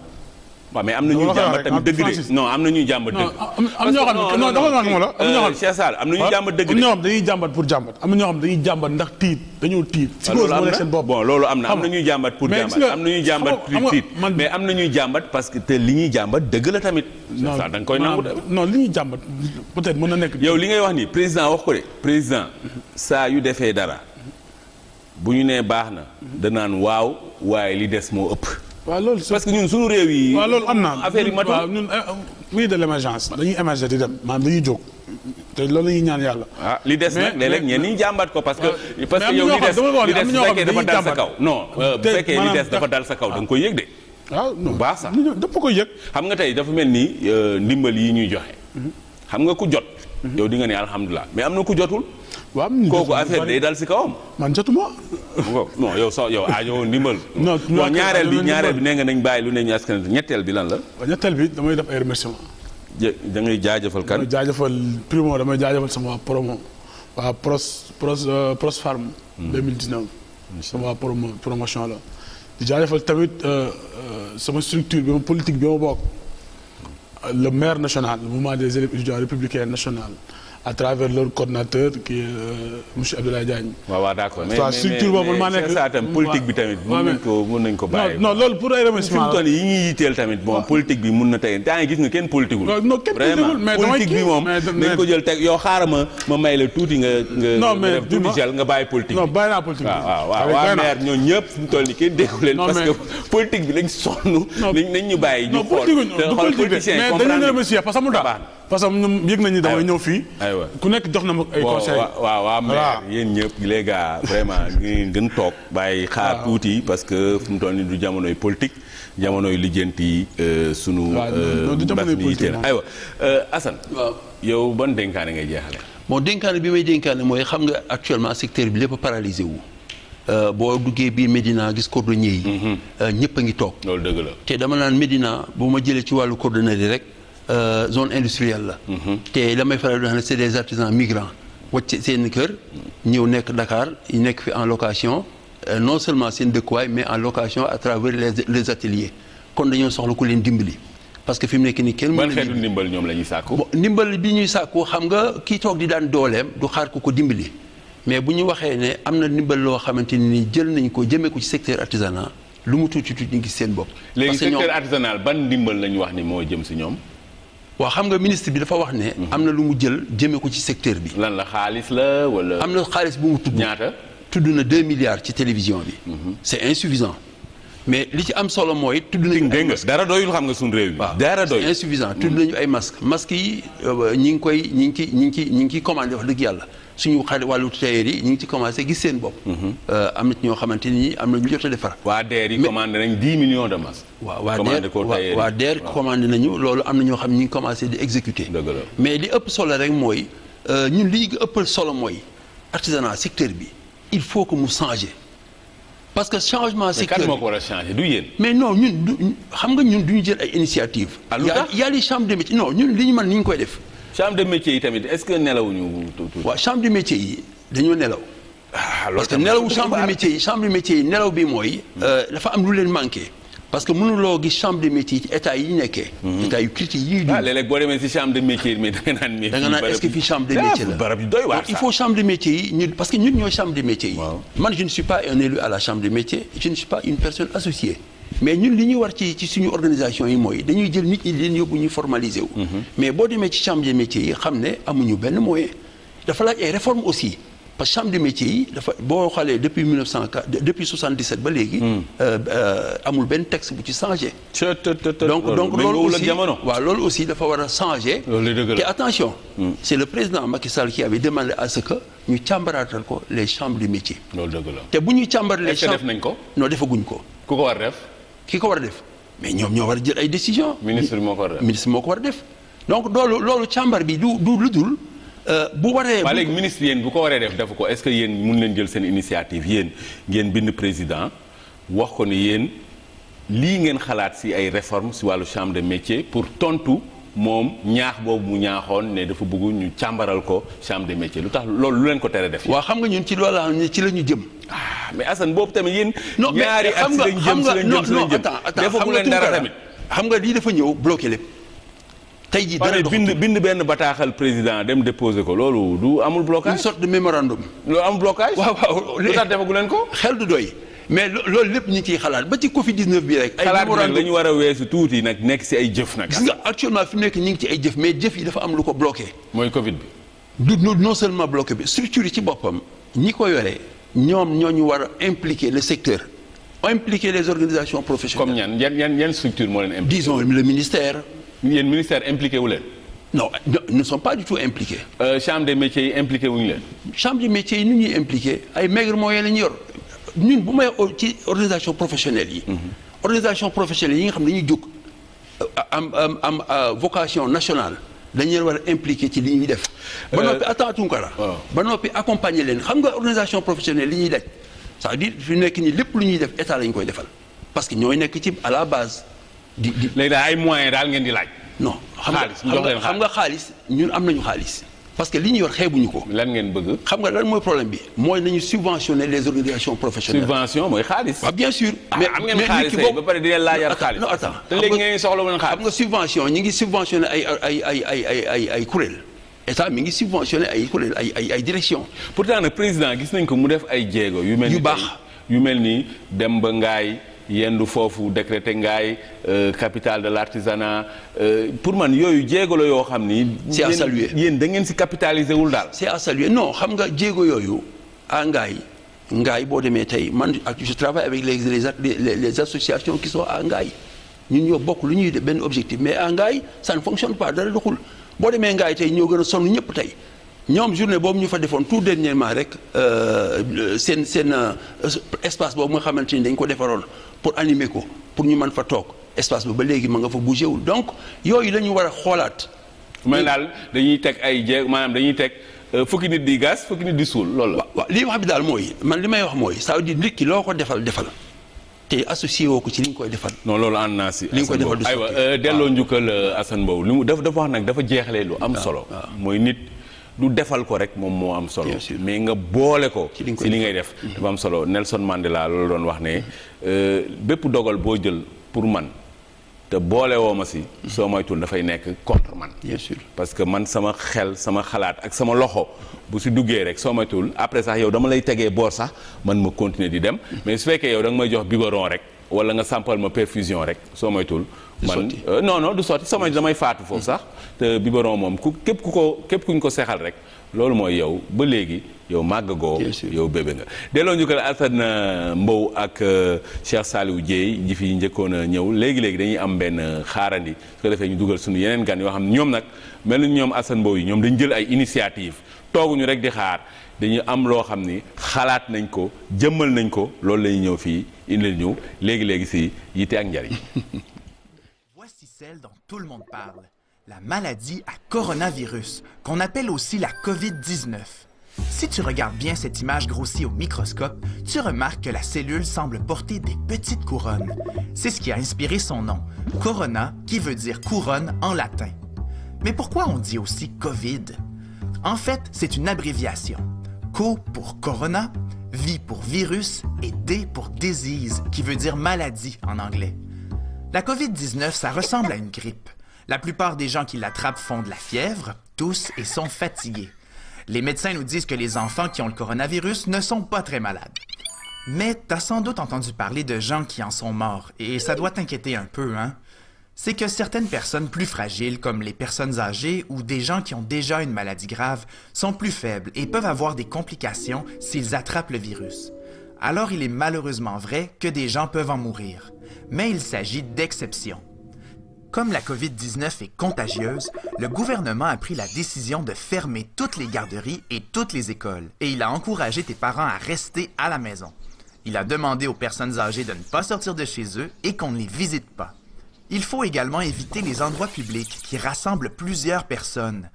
waaw mais am na ñuy jàmbat na ñuy jàmbat dëgg. am ñoo xam ne non am ñoo xam Cheikh Sall am na ñuy pour jàmbat am na ñoo xam dañuy jàmbat ndax tiit dañoo tiit. si loolu moo nekk am na ñuy jàmbat pour jàmbat am na ñuy jàmbat pour tiit mais am ñuy jàmbat parce que te li ñuy jàmbat dëgg la tamit. non da nga koy nangu non li ñuy jàmbat peut-être mën na nekk. yow li ngay wax ni président wax ko de président saa yu defee dara bu ñu nee baax na. da danaan waaw waaye li des moo ëpp. waaw loolu parce que ñun suñu réew yi. waaw loolu am na affaire yi matul waaw ñun eh, eh, oui de l' émergence. dañuy émerger di dem maanaam dañuy jóg. te loolu la ñuy ñaan yàlla. ah li des nag léeg-léeg ñeen ñi jàmbat ko parce que. parce que yow li des li des fekkee dafa dal sa kaw. non bu euh, fekkee li des dafa dal sa kaw da nga koy yëg de. waaw ah, baax sax dëpp koy yëg. xam nga tey dafa mel nii euh, ndimbal yi ñuy joxe. Mhm. xam nga ku jot. Mhm. yow di nga ne alhamdulilah mais am na ku jotul. waaw kooku affaire day dal si kawam. man jotuma. non yow so yow aajowoo ndimbal. non ñaareel bi ñaareel bi nee nga nañ bàyyi lu ne ñu askan ñetteel bi lan la. waaw ñetteel bi damay def ay remerciements. jë da ngay jaajëfal kan. damay jaajëfal primo damay jaajëfal sama waa promo waa pros pros euh, pros farm. 2019. Hmm. sama promo promotion la. di jaajëfal tamit euh, euh, sama structure bi ma politique bi ma bokk. le maire national le mouvement des élèves étudiants républicains national. à travers leur coordinateur qui est euh, monsieur Abdoulaye Diagne. waaw waaw d'accord mais mais mais tam politique bi tamit. mën nañ ko mën nañ ko bàyyi. non non loolu yi ñuy yitteel tamit bon politique bi mun na tey daa gis nga kenn politique wul. non kenn politique wul jël teg yow xaaral ma ma may la tuuti nga. non mais nga bàyyi politique bi. non bàyyi naa politique ñëpp fu mu toll nii kenn déggu leen. parce que politique bi lañ sonn. nañ ñu bàyyi ñu xool te xool politicien yi comprendre parce que parce que ñoom yëg nañu damay ñëw fii. ku nekk jox na ma ay conseils. waaw waaw mais yéen ñëpp les gars vraiment ngeen gën toog. bàyyi xaar tuuti parce que fu mu toll nii du jamonoy politique jamonoy lijjanti euh, sunu. waaw du euh, jamonoy politique aywa euh, Assane. yow ban dénkaane ngay jeexale bon dénkaane bi may dénkaane mooy xam nga actuellement secteur bi lépp paralysé wu. boo duggee biir Médina gis cordonnier yi. Mm-hmm. ñëpp a ngi toog. loolu dëgg la te dama naan Médina bu ma jëlee ci wàllu cordonnerie rek. Euh, zone industrielle la. Mhm. te la may faral di wax ne c'est des artisans migrants wacc seen kër ñëw nekk ndakaar ñu nekk fi en location euh, non seulement seen dëkkuwaay mais en location à travers les les ateliers kon dañoo soxla ku leen dimbali. parce que fi mu nekk ni kenn. mën xeetu dimbal ñoom la ñuy sàkku. bon ndimbal bi ñuy sàkku xam nga kii toog di daan dooleem du xaar ku ko dimbali mais bu ñu waxee ne am na ndimbal loo xamante ni jël nañ ko jëmee ko ci secteur artisanat lu mu tuuti tuuti ñu gis seen bopp. parce que ñoom léegi ban ndimbal la ñu wax ni moo jëm si ñoom. waa xam nga ministre bi dafa wax ne. Mhm. am na lu mu jël jëmee ko ci secteur bi. lan la xaalis la wala. am na xaalis bu mu tudd. tudd na 2 milliards ci télévision bi. Mhm. c'est insuffisant. mais li ci am solo mooy. tudd nañu ay masques dara doyul xam nga suñu réew mi. dara doyul c'est insuffisant mhm. tudd nañu ay masques masques yi euh, ñi ngi koy ñi ngi ciy ñi ngi ciy ñi ngi ciy commandé wax dëgg yàlla. suñu xale wàllu tailleur yi ñu ngi ci commencé gis seen bopp. Mhm. Euh, am na ñoo xamante ni am na ñu jot a defar. waa DER yi commandé nañ dix millions de masques. waaw waa DER waa DER commandé nañu loolu am na ñoo xam ñu ngi commencé di exécuter. mais li ëpp solo rek mooy euh, ñun li ëppal solo mooy artisanat secteur bi il faut que mu changer. parce que changement secteur mais ko war a du yéen. mais non ñun xam nga ñun du ñu jël ay initiative. Ah, yaa a les chambres de métiers non ñun li ñu man ni ñu koy def. chambre de métier yi tamit est-ce que nelawuñu tuuti. waaw chambre de métier yi dañoo nelaw. Ah, parce que nelaw chambre de métier yi chambre nelaw bi mooy. Hmm. Euh, dafa am lu leen manqué. parce que mënuloo gis chambre de métier ci état yi nekkee. Hmm. état yu critique yi du. ah léeg-léeg boo métier mais da naan. est-ce que fii chambre de ah, métier la il faut chambre de métier yi ñun parce que ñun ñooy chambre de métier yi. man je ne suis pas un élu à la chambre de métier je ne suis une personne associée. mais ñun li ñuy war ci ci suñu organisation yi mooy dañuy jël nit ñi leen yóbbu ñu formaliser wu. Mhm. mais boo demee ci chambre des métiers yi xam ne amuñu benn moyen. dafa laaj ay réformes aussi parce que chambre des yi dafa boo xoolee depuis 1904 depuis 77 ba léegi. Hmm. Euh, euh, amul benn texte bu ci changé. donc donc loolu aussi waa loolu aussi dafa war a changé. te attention. Hmm. c' le président Macky Sall qui avait demandé à ce que ñu càmbaraatal ko les chambres des métiers. loolu dëgg la te bu ñu càmbar les. nañ ko. non defaguñ ko. ku ko war def. ki ko war a def mais ñoom ñoo war a jël ay décision ministre moo ko war a def ko war a def donc loolu loolu càmbar bi du du lu dul euh, bu waree. waa léegi ministre yéen bu ko waree def def ko est-ce que yéen mun leen jël seen initiative yéen ngeen bind président wax ko ni yéen lii ngeen xalaat si ay réformes si wàllu chambre de métier pour tontu. moom ñaax boobu mu ñaaxoon ne dafa bëgg ñu càmbaral ko chambre des métiers lu tax loolu lu leen ko tere def. waa xam nga ñun ci loolu la ci la ñu jëm. Ah, mais Assane boobu tamit yéen. ñaari at si lañ jëm si lañ leen dara tamit. xam nga lii dafa ñëw bloqué lépp. tey jii dara dox bind bind benn bataaxal président dem déposé ko loolu du amul blocage. une de mémorandum. loolu amul blocage. waaw waaw lu tax defagu leen ko. xel du doy. mais loolu lépp ñu ngi ciy xalaat ba ci Covid 19 bi rek. ay xalaat la ñu war a weesu tuuti nag nekk si ay jëf nag. gis nga actuellement fi nekk ñu ngi ci ay jëf mais jëf yi dafa am lu ko bloqué. mooy Covid bi. du non seulement bloqué bi structure yi ci boppam ñi ko yore ñoom ñoo ñu war a impliquer le secteur. impliquer les organisations professionnelles. comme ñan yan yan yan structure moo leen impliqué. disons le ministère. yéen ministère impliqué wu leen. non nous ne sommes pas du tout impliqués. Euh, chambre des leen. chambre des métiers yi impliqué ay maigre moyens la ñu yor. ñun bu may ci organisation professionnelle yi. Mhm. organisation professionnelle yi nga xam ne dañuy jóg euh, am am am euh, vocation national dañu war a impliqué ci li ñu def. ba noppi euh, attends Tunkara. ba noppi accompagner leen xam nga organisation professionnelle li ñuy def c'est-à-dire fi nekk nii lépp lu ñuy def état ñu koy defal parce que ñooy nekk ci à la base. di di léegi daal ay moyens daal ngeen di laaj. non xam nga xam nga xaalis ñu am nañu xaalis. parce que li ñu yor xeebuñu ko. lan ngeen bëgg. xam nga lan mooy problème bi mooy nañu subventionner les organisations professionnelles. subvention mooy xaalis. waaw ah, bien sûr. Ah, am ngeen xaalis nga subvention ñi ngi subventionné ay ay ay ay ay mi ngi subventionné ay kuréel ay ay ay direction pourtant nag président gis nañ ko mu def ay jéego. yu mel ni baax yu mel ni dem ba ngaay yendu foofu décrété ngaay euh, capitale de l'artisanat euh, pour man yooyu jéego la yoo xam ni. c'est à saluer yéen da ngeen si capitalisé wul daal. c'est à saluer non xam nga jéego yooyu à ngaay ngaay boo demee tey man ak je travaille avec les les les associations qui sont à ngaay ñun ñoo bokk lu ñuy benn objectif mais à ngaay ça ne fonctionne pas dara doxul boo demee ngaay tey ñoo gën a sonn ñëpp tey. ñoom journée boobu ñu fa defoon tout dernièrement rek euh, seen seen espace boobu ma xamante ni dañ ko defaroon pour animer ko pour ñu mën fa toog espace bi ba léegi ma nga fa bougé wul donc yooyu la ñu war a xoolaat. mais daal dañuy teg ay jéeg maanaam dañuy teg euh, fukki nit di gaz fukki nit di suul lool la. li wax bi daal mooy man li may wax mooy ça veut dire loo ko defal defal. te associé woo ko ci li nga koy defal. non loolu ànd naa si. li nga koy defal du aywa euh, delloo njukkal euh, Assane Mbow li mu dafa dafa wax nag dafa jeexalee lu am ah. solo. Ah. mooy nit. du defal ko rek moom moo am solo mais nga boole ko ci li ngay def mm-hmm. dafa am solo Nelson Mandela loolu doon wax ne euh, bépp dogal boo jël pour man te boole woo ma si mm-hmm. soo moytul dafay nekk contre man parce que man sama xel sama xalaat ak sama loxo bu si duggee rek soo moytul après sax yow dama lay tegee boor sax man ma continuer di dem mm-hmm. mais su fekkee yow danga may jox biberon rek wala nga sampal ma perfusion rek soo moytul man euh, non non du sotti sama damay faatu foofu mm. sax te biberon moom ku képp ku ko képp ku ñu ko seexal rek loolu mooy yow ba léegi yow màggagoo yow bébé nga delloo njukkal na Mbow ak euh, Cheikh wu Dieye ñi fi njëkkoon a ñëw léegi-léegi dañuy am benn euh, xaarandi su ko defee ñu dugal suñu yeneen gan yoo xam ne ñoom nag mel nañu ñoom Assane Mbow yi ñoom dañu jël ay initiative tooguñu rek di xaar dañu am loo xam ni xalaat nañ ko jëmmal nañ ko loolu lañu ñëw fii indil ñu léegi léegi si Voici celle dont tout le monde parle. La maladie à coronavirus, qu'on appelle aussi la COVID-19. Si tu regardes bien cette image grossie au microscope, tu remarques que la cellule semble porter des petites couronnes. C'est ce qui a inspiré son nom, corona, qui veut dire couronne en latin. Mais pourquoi on dit aussi COVID? En fait, c'est une abréviation. Co pour corona V pour virus et D pour disease, qui veut dire maladie en anglais. La COVID-19, ça ressemble à une grippe. La plupart des gens qui l'attrapent font de la fièvre, toussent et sont fatigués. Les médecins nous disent que les enfants qui ont le coronavirus ne sont pas très malades. Mais t'as sans doute entendu parler de gens qui en sont morts, et ça doit t'inquiéter un peu, c'est que certaines personnes plus fragiles, comme les personnes âgées ou des gens qui ont déjà une maladie grave, sont plus faibles et peuvent avoir des complications s'ils attrapent le virus. Alors il est malheureusement vrai que des gens peuvent en mourir, mais il s'agit d'exceptions. Comme la COVID-19 est contagieuse, le gouvernement a pris la décision de fermer toutes les garderies et toutes les écoles, et il a encouragé tes parents à rester à la maison. a Il faut également éviter les endroits publics qui rassemblent plusieurs personnes.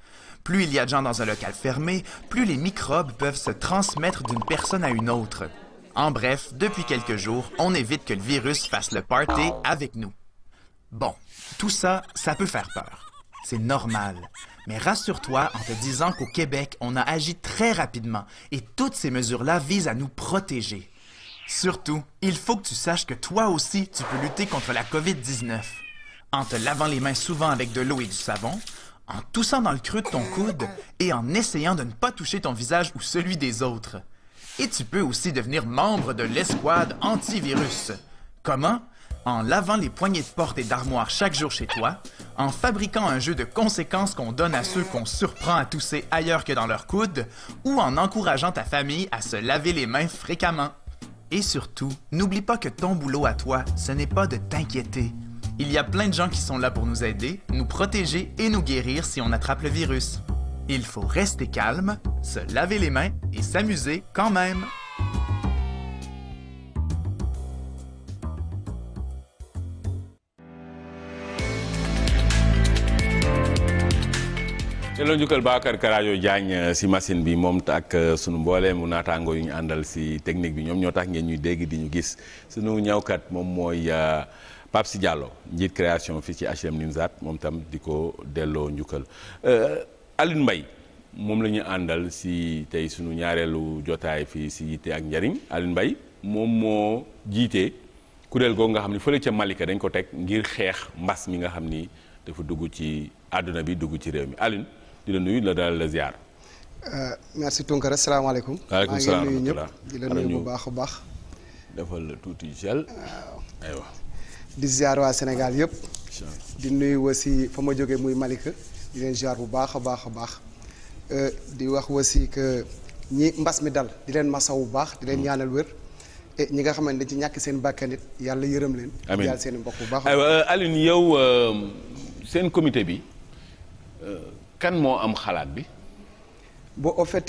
Plus il y a de gens dans un local fermé, plus les microbes peuvent se transmettre d'une personne à une autre. En bref, depuis quelques jours, on évite que le virus fasse le party avec nous. Bon, tout ça, ça peut faire peur. C'est normal. Mais rassure-toi en te disant qu'au Québec, on a agi très rapidement et toutes ces mesures-là visent à nous protéger. Surtout, il faut que en te lavant les mains souvent avec de l'eau et du savon, en toussant dans le creux de ton coude et en essayant de ne pas toucher ton visage ou celui des autres. Et tu peux aussi devenir membre de l'escouade antivirus. Comment En lavant les poignées de porte et d'armoire chaque jour chez toi, en fabriquant un jeu de conséquences qu'on donne à ceux qu'on surprend à tousser ailleurs que dans leur coude, ou en encourageant ta famille à se laver les mains Il y a plein de gens qui sont là pour nous aider, nous protéger et nous guérir si on attrape le virus. Il faut rester calme, se laver les mains et s'amuser quand même. delloo njukkal Bakar Karajo Diagne euh, si machine bi moom ak euh, sunu mboolee mu naataango yu ñu àndal si technique bi ñoom ñoo tax ngeen ñuy dégg di ñu gis sunu ñawkat moom mooy euh, Pape Si Diallo njiit création fii ci HLM Nimzat moom tam di ko delloo njukkal euh, Alioune mbay moom la ñu àndal si tey sunu ñaareelu jotaay fii si yitte ak njariñ Alioune mbay moom moo jiite kuréel googu nga xam ni fële ca Malika dañ ko teg ngir xeex mbas mi nga xam ni dafa dugg ci àdduna bi dugg ci réew mi Alioune di la nuyu la dalal la ziar. Euh, merci Tounkara salaamaaleykum. waaleykum salaam maa ngi nuyu ñëpp di la nuyu bu baax a baax. defal tuuti gel. di ziar waa Sénégal yëpp. di nuyu aussi fa ma jógee muy Malika di leen ziar bu baax a baax a baax euh, di wax wasi que ñi mbas mi dal di leen masaw bu baax di leen mm. ñaanal wér. ñi nga xamante ne ci ñàkk seen bàkkanit yàlla yërëm leen. amiin yàlla seen mbokk bu baax. Euh, Alioune yow euh, seen comité bi kan moo am xalaat bi. boo au fait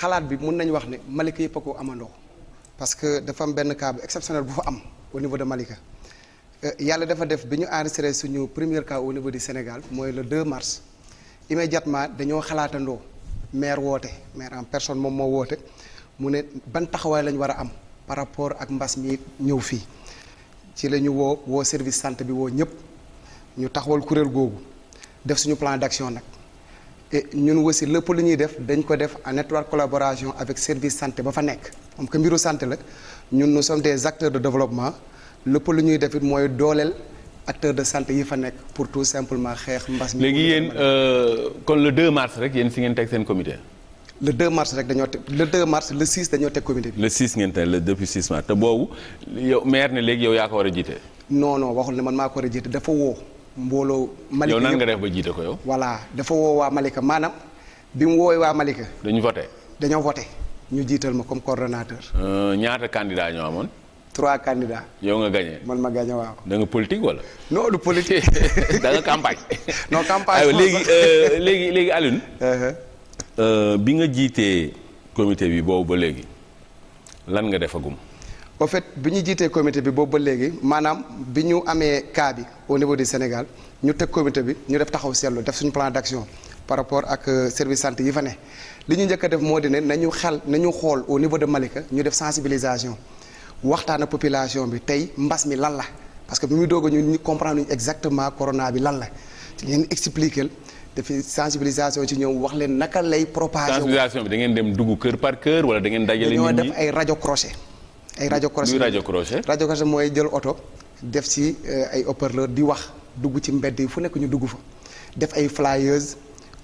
xalaat bi mun nañ wax ni Malika yëpp a ko amandoo parce que dafa am benn cas bu bu fa am au niveau de Malika. Euh, yàlla dafa def bi ñu enregistré suñu premier cas au niveau du Sénégal mooy le 2 mars immédiatement dañoo xalaatandoo maire woote maire en personne moom moo woote mu ne ban taxawaay lañ war a am par rapport ak mbas mi ñëw fii ci lañu woo woo service santé bi woo ñëpp ñu taxawal kuréel googu def suñu plan d'action nag et ñun aussi lépp lu ñuy def dañ ko def en étroite collaboration avec service santé ba fa nekk comme que mbiru santé la ñun nous sommes des acteurs de développement lépp lu ñuy def it mooy dooleel acteur de santé yi fa nekk pour tout simplement xeex mbas mi. léegi yéen euh, kon le 2 mars rek yéen si ngeen teg seen comité. le 2 mars rek dañoo teg le 2 mars le 6 dañoo teg comité bi. le 6 ngeen teg le depuis 6 mars te boobu yow maire ne léegi yow yaa ko war a jiite. non waxul ne man maa ko war a jiite dafa woo. mbooloo Malika yow nan nga def ba jiite ko yow. voilà dafa woo waa Malika maanaam bi mu wooy waa Malika. dañu voté. dañoo voté ñu jiital ma comme coordonnateur. Euh, ñaata candidat ñoo amoon. trois candidats. yow nga gagné man ma gagné waaw. da nga politique wala. non du politique. da nga campagne. non campagne aywa léegi euh, léegi léegi Alioune. Uh-huh. Euh, bi nga jiitee comité bi boobu ba léegi lan nga defagum. au fait bi ñu jiitee comité bi boobu ba léegi maanaam bi ñu amee cas bi au niveau de Sénégal ñu teg comité bi ñu def taxaw seetlu def suñu plan d'action par rapport ak euh, service santé yi fa ne li ñu njëkk def moo di ne nañu xel nañu xool au niveau de Malika ñu def sensibilisation. waxtaan ak population bi tey mbas mi lan la parce que bi muy doog a ñun ñu comprendre ñu exactement corona bi lan la ci leen expliquer dafay sensibilisation ci ñëw wax leen naka lay propagé. sensibilisation bi da ngeen dem dugg kër par kër wala da ngeen dajale nit ñi dañoo def ay rajo crochet. ay rajo crochet rajo crochet. rajo crochet mooy jël oto def ci euh, ay haut-parleur di wax dugg ci mbedd yi fu nekk ñu dugg fa def ay flyers.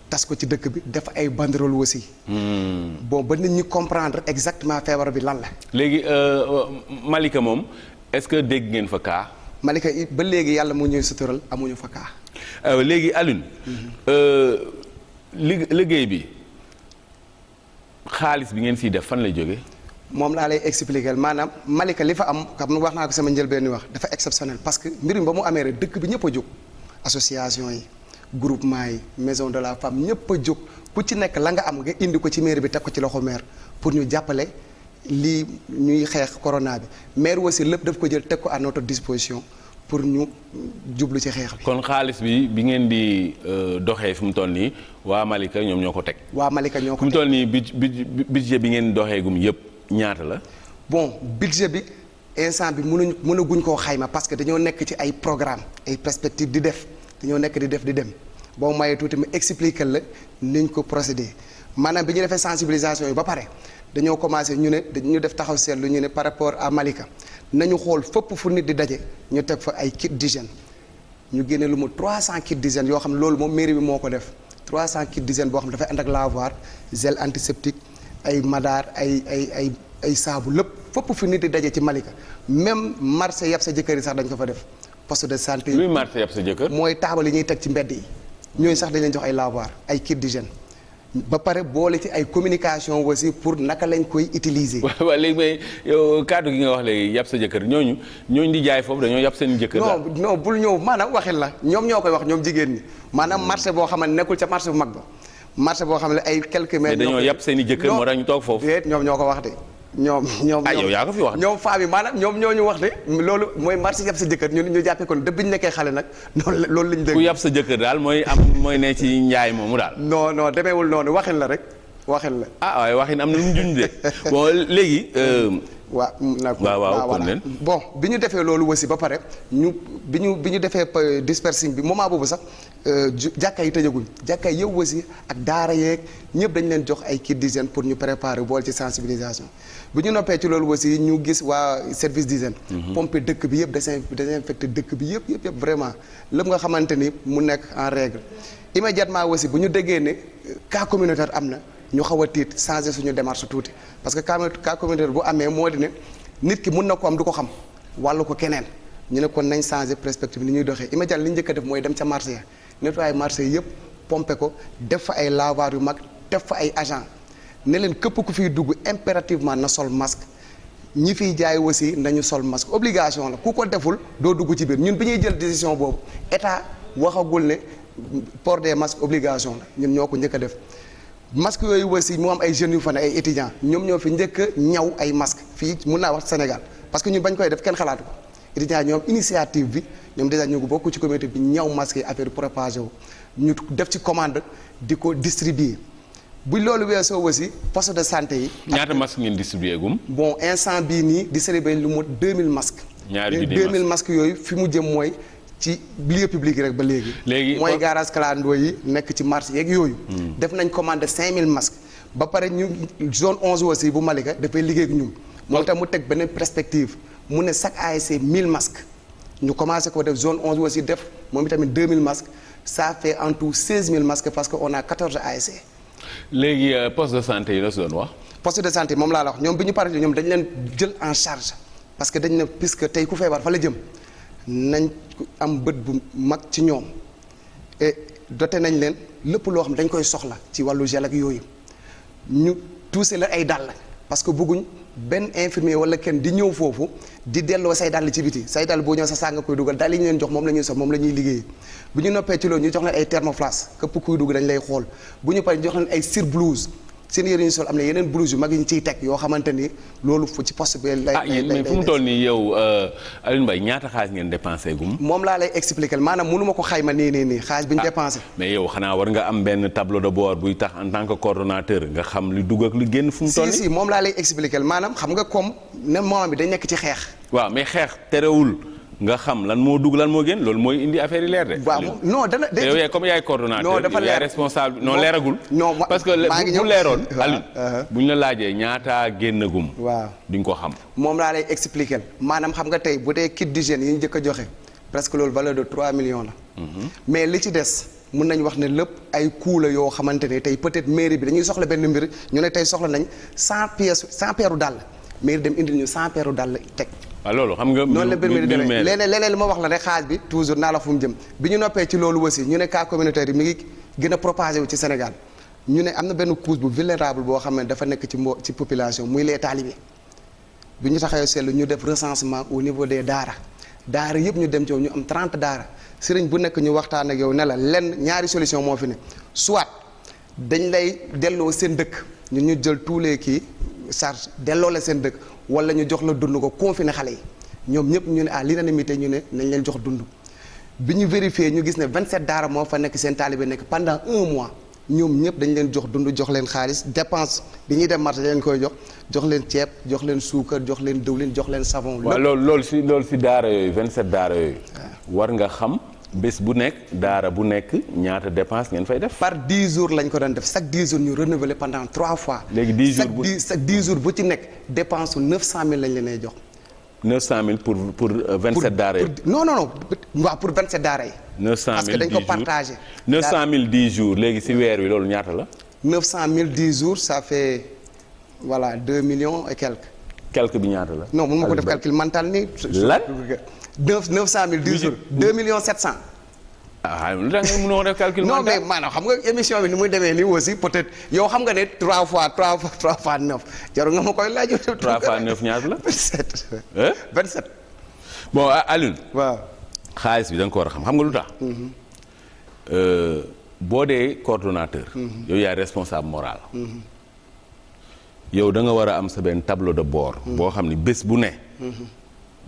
tas ko ci dëkk bi def ay banderole aussi. Hmm. bon ba nit ñi comprendre exactement feebar bi lan la. léegi euh, Malika moom est-ce que dégg ngeen fa kaa. Malika ba léegi yàlla mu ñuy sutural amuñu fa kaa. Euh, léegi Alioune. Hmm. Euh, li liggéey bi xaalis bi ngeen fii def fan lay jóge moom laa lay expliquer maanaam Malika li fa am xam wax naa ko sama njëlbeen ni wax dafa exceptionnel parce que mbir ba mu amee rek dëkk bi ñëpp a jóg association yi. groupement yi maison de la femme ñëpp a jóg ku ci nekk la nga am nga indi ko ci maire bi teg ko ci loxo maire pour ñu jàppale lii ñuy xeex corona bi maire aussi lépp daf ko jël teg ko à notre disposition pour ñu jublu ci xeex bi. kon xaalis bi bi ngeen di euh, doxee fi mu toll nii waa Malika ñoom ñoo ko teg. waa Malika ñoo ko teg fi mu toll nii budget bi ngeen doxee gum yëpp ñaata la. bon budget bi instant bi mënuñ mënaguñ koo xayma parce que dañoo nekk ci ay programme ay perspectives di def. dañoo nekk di def di dem boo mayee tuuti ma expliquer la niñ ko procédé maanaam bi ñu defee sensibilisation yi ba pare dañoo commencé ñu ne ñu def taxaw seetlu ñu ne par rapport à Malika nañu xool fépp fu nit di daje ñu teg fa ay kit d'hygiène ñu génne lu mu 300 kit d'hygiène yoo xam ne loolu moom mairie bi moo ko def 300 kit d'hygiène boo xam ne dafay ànd ak lavoir gel antiseptique ay madaar ay ay ay ay saabu lépp fépp fu nit di daje ci Malika même marché yàpp sa jëkkër yi sax dañ ko fa def. poste de santé luy marché yab sa jëkkër mooy taabal yi ñuy teg ci mbedd yi ñooñu sax dañ jox ay lavoir ay kit d'hygiène ba pare boole ci ay communication aussi pour naka lañ koy utiliser. waaw léegi mais yow kaddu gi nga wax léegi yab sa jëkkër ñooñu ñooñu di jaay foofu dañoo yab seen jëkkër. non non bul ñëw maanaam waxin la ñoom ñoo koy wax ñoom jigéen ñi maanaam hmm. marché boo xam ne nekkul ca marché bu mag ba marché boo xam ne ay quelques mètres. ñoo dañoo yab seen jëkkër moo tax ñu toog foofu. déet ñoom ñoo ko wax de. ñoom ñoom ay ah, yow yaa ko fi wax ñoom femme yi maanaam ñoom ñoo ñu wax ne loolu mooy marché yab sa jëkkër ñun ñu jàppee kon de bi ñu nekkee xale nag noonu loolu lañ dégg ku yab sa jëkkër daal mooy am mooy ne ci njaay moomu daal non non demeewul noonu waxin la rek waxin la ah waaye waxin am na lu mu junj de bon léegi euh, waa mm, nag waaw kon leen bon bi ñu defee loolu aussi ba pare ñu bi ñu bi ñu defee euh, dispersing bi moment boobu sax euh, jàkka yi tëjaguñ jàkka yi yëpp aussi ak daara yeeg ñëpp dañ leen jox ay kit d'hygiène pour ñu préparer bool ci sensibilisation bu ñu noppee ci loolu aussi ñu gis waa service d'hygiène mhm. pompe dëkk bi yëpp désinfecté dëkk bi yëpp yëpp yëpp vraiment lépp nga xamante ni mu nekk en règle immédiatement aussi bu ñu déggee ne euh, cas communautaire am na ñu xaw a tiit changé suñu démarche tuuti parce que cas communautaire bu amee moo di ne nit ki mun na ko am du ko xam wàllu ko keneen ñu ne kon nañ changé perspective ni ñuy doxee immédiat li ñu njëkk def mooy dem ca marché ya nettoyé marché yëpp pompe ko def fa ay lavoir yu mag def fa ay agent ne leen képp ku fiy dugg impérativement na sol masque ñi fiy jaay aussi nañu sol masque obligation la ku ko deful doo dugg ci biir ñun bi ñuy jël décision boobu état waxagul ne port des masques obligation la ñun ñoo ko njëkk a def masque yooyu aussi mu am ay jeunes yu fa ne ay étudiants ñoom ñoo fi njëkk a ñaw ay masque fii mun naa wax Sénégal parce que ñun bañ koy def kenn xalaat ko étudiants ñoom initiative bi ñoom déjà ñu ko bokk ci communauté bi ñaw masque yi affaire propagé wu ñu def ci commande di ko distribuer bu loolu weesoo aussi poste de santé yi. ñaata masque ngeen distribué gum. bon instant bii nii distribué lu mot 2000 masques. ñaari yooyu fi mu jëm mooy ci lieu public rek ba léegi. léegi mooy garage clando yi nekk ci marché yeeg yooyu. Hmm. def nañ commandé 5000 masques. ba pare ñu zone 11 aussi bu Malika dafay liggéey ak ñun. moo tax mu teg beneen perspective mu ne chaque ASC 1000 masques. ñu commencé ko def zone 11 def moom tamit 2000 masques ça fait en tout 16000 masques parce que on a 14 léegi euh, poste de santé yi la si doon wax. poste de santé moom laa la wax ñoom bi ñu paree ñoom dañ leen jël en charge parce que dañ ne puisque tey ku feebar fa la jëm nañ am bët bu mag ci ñoom et doté nañ leen lépp loo xam dañ koy soxla ci wàllu gel yooyu ñu tuuse la ay dàll parce que benn infirmier wala kenn di ñëw foofu di delloo say dàll ci biti say dàll boo ñëw sa saa nga koy dugal dàll yi ñu leen jox moom la ñuy moom la liggéeyee bu ñu noppee ci loolu ñu jox leen ay thermoflash képp kuy dugg dañ lay xool bu ñu paree ñu jox leen ay surblouse seen yére ñu sol am na yeneen blouse yu mag yi ñu ciy teg yoo xamante ni loolu fu ci poste bi lay ah fu mu toll nii yow euh, Alioune Mbaye ñaata xaalis ngeen dépensé gum moom laa lay explique maanaam mënu ma ko xayma nii nii nii xaalis bi ñu ah, dépensé mais yow xanaa war nga am benn tableau de bord buy tax en tant que coordonnateur nga xam lu dugg ak lu génn fu mu toll moom laa lay expliquer maanaam xam nga comme ne moment bi dañ nekk ci xeex waaw mais xeex terewul nga xam lan moo dugg lan moo génn loolu mooy indi affaire yi leer de. waaw non dana de yow yaay comme yaay coordonnateur. non dafa leer yaay responsable non leeragul. non parce que bu leeroon. Aliou uh-huh. bu ñu la laajee ñaataa génnagum. waa duñ ko xam. moom laa lay expliquer maanaam xam nga tey bu dee kit d'hygiène yi ñu njëkk a joxe presque loolu valeur de 3 millions la. Mm-hmm. mais li ci des mun nañu wax ne lépp ay coût yoo xamante ne tey peut-être mairie bi dañuy soxla benn mbir ñu ne tey soxla nañ 100 pièces 100 paires dem indil ñu 100 paires teg. Ah, loolu xam nga. noonu la mbir mi di demee leneen leneen li ma wax la rek xaaj bi toujours naa la fu mu jëm bi ñu noppee ci loolu aussi ñu ne cas communautaire yi mi ngi gën a propagé wu ci Sénégal ñu ne am na benn couche bu vulnérable boo xam ne dafa nekk ci mbo ci population muy les talibés bu ñu taxawee seetlu ñu def recensement au niveau des daara daara yëpp ñu dem ci ñu am trente daara sëriñ bu nekk ñu waxtaan ak yow ne la lenn ñaari solution moo fi ne soit dañ lay delloo seen dëkk ñun ñu jël tous les kii charge delloo la seen dëkk. wala ñu jox la dund ko confiné xale yi ñoom ñëpp ñu ne à l'unanimité ñu ne nañ leen jox dund bi ñu vérifié ñu gis ne 27 daara moo fa nekk seen taalibe nekk pendant un mois ñoom ñëpp dañ leen jox dund jox leen xaalis dépense bi ñuy dem marché leen koy jox jox leen ceeb jox leen suukar jox leen dëwlin jox leen savon. lépp waaw loolu loolu si loolu si daara yooyu 27 daara yooyu. war nga xam. bés bu nekk daara bu nekk ñaata dépense ngeen fay def. par dix jours lañ ko doon def chaque dix jours ñu renouveler pendant trois fois. léegi dix jours bu chaque dix bu ci nekk dépense su neuf cent mille lañ leen jox. neuf cent mille pour pour euh, vingt sept daara yi. non non non waaw pour vingt sept daara yi. cent mille dix jours parce que dañ ko partagé. neuf cent mille dix jours léegi si weer wi loolu ñaata la. neuf cent mille dix jours ça fait wala deux millions et quelques. quelque bi ñaata la. no mun ma ko def calcul mental ni neuf neuf cent mille dix jours deux millions cent. Ah, ah lu tax nga mënoo def calcul. non mais maanaam xam nga émission bi ni muy demee nii aussi peut-être yow xam nga ne trois fois trois fois trois fois neuf jarul nga ma koy laaj. trois fois neuf ñaata la. vingt sept. vingt sept. bon ah, Alioune. xaalis bi danga ko war a xam xam nga lu tax. Mhm. Euh, boo dee coordonnateur. Mhm. yow yaay responsable moral. Mhm. yow da nga war a am sa benn tableau de bord. boo xam ni bés bu ne.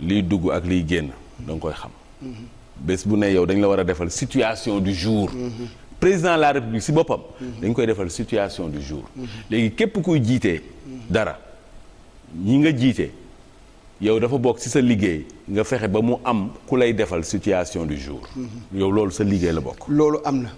liy dugg ak liy génn. da nga koy xam. bés bu ne yow dañ la war a defal situation du jour. président la république si boppam. dañ koy defal situation du jour. léegi képp kuy jiitee dara ñi nga jiite yow dafa bokk ci sa liggéey nga fexe ba mu am ku lay defal situation du jour. yow loolu sa liggéey la bokk. loolu am na.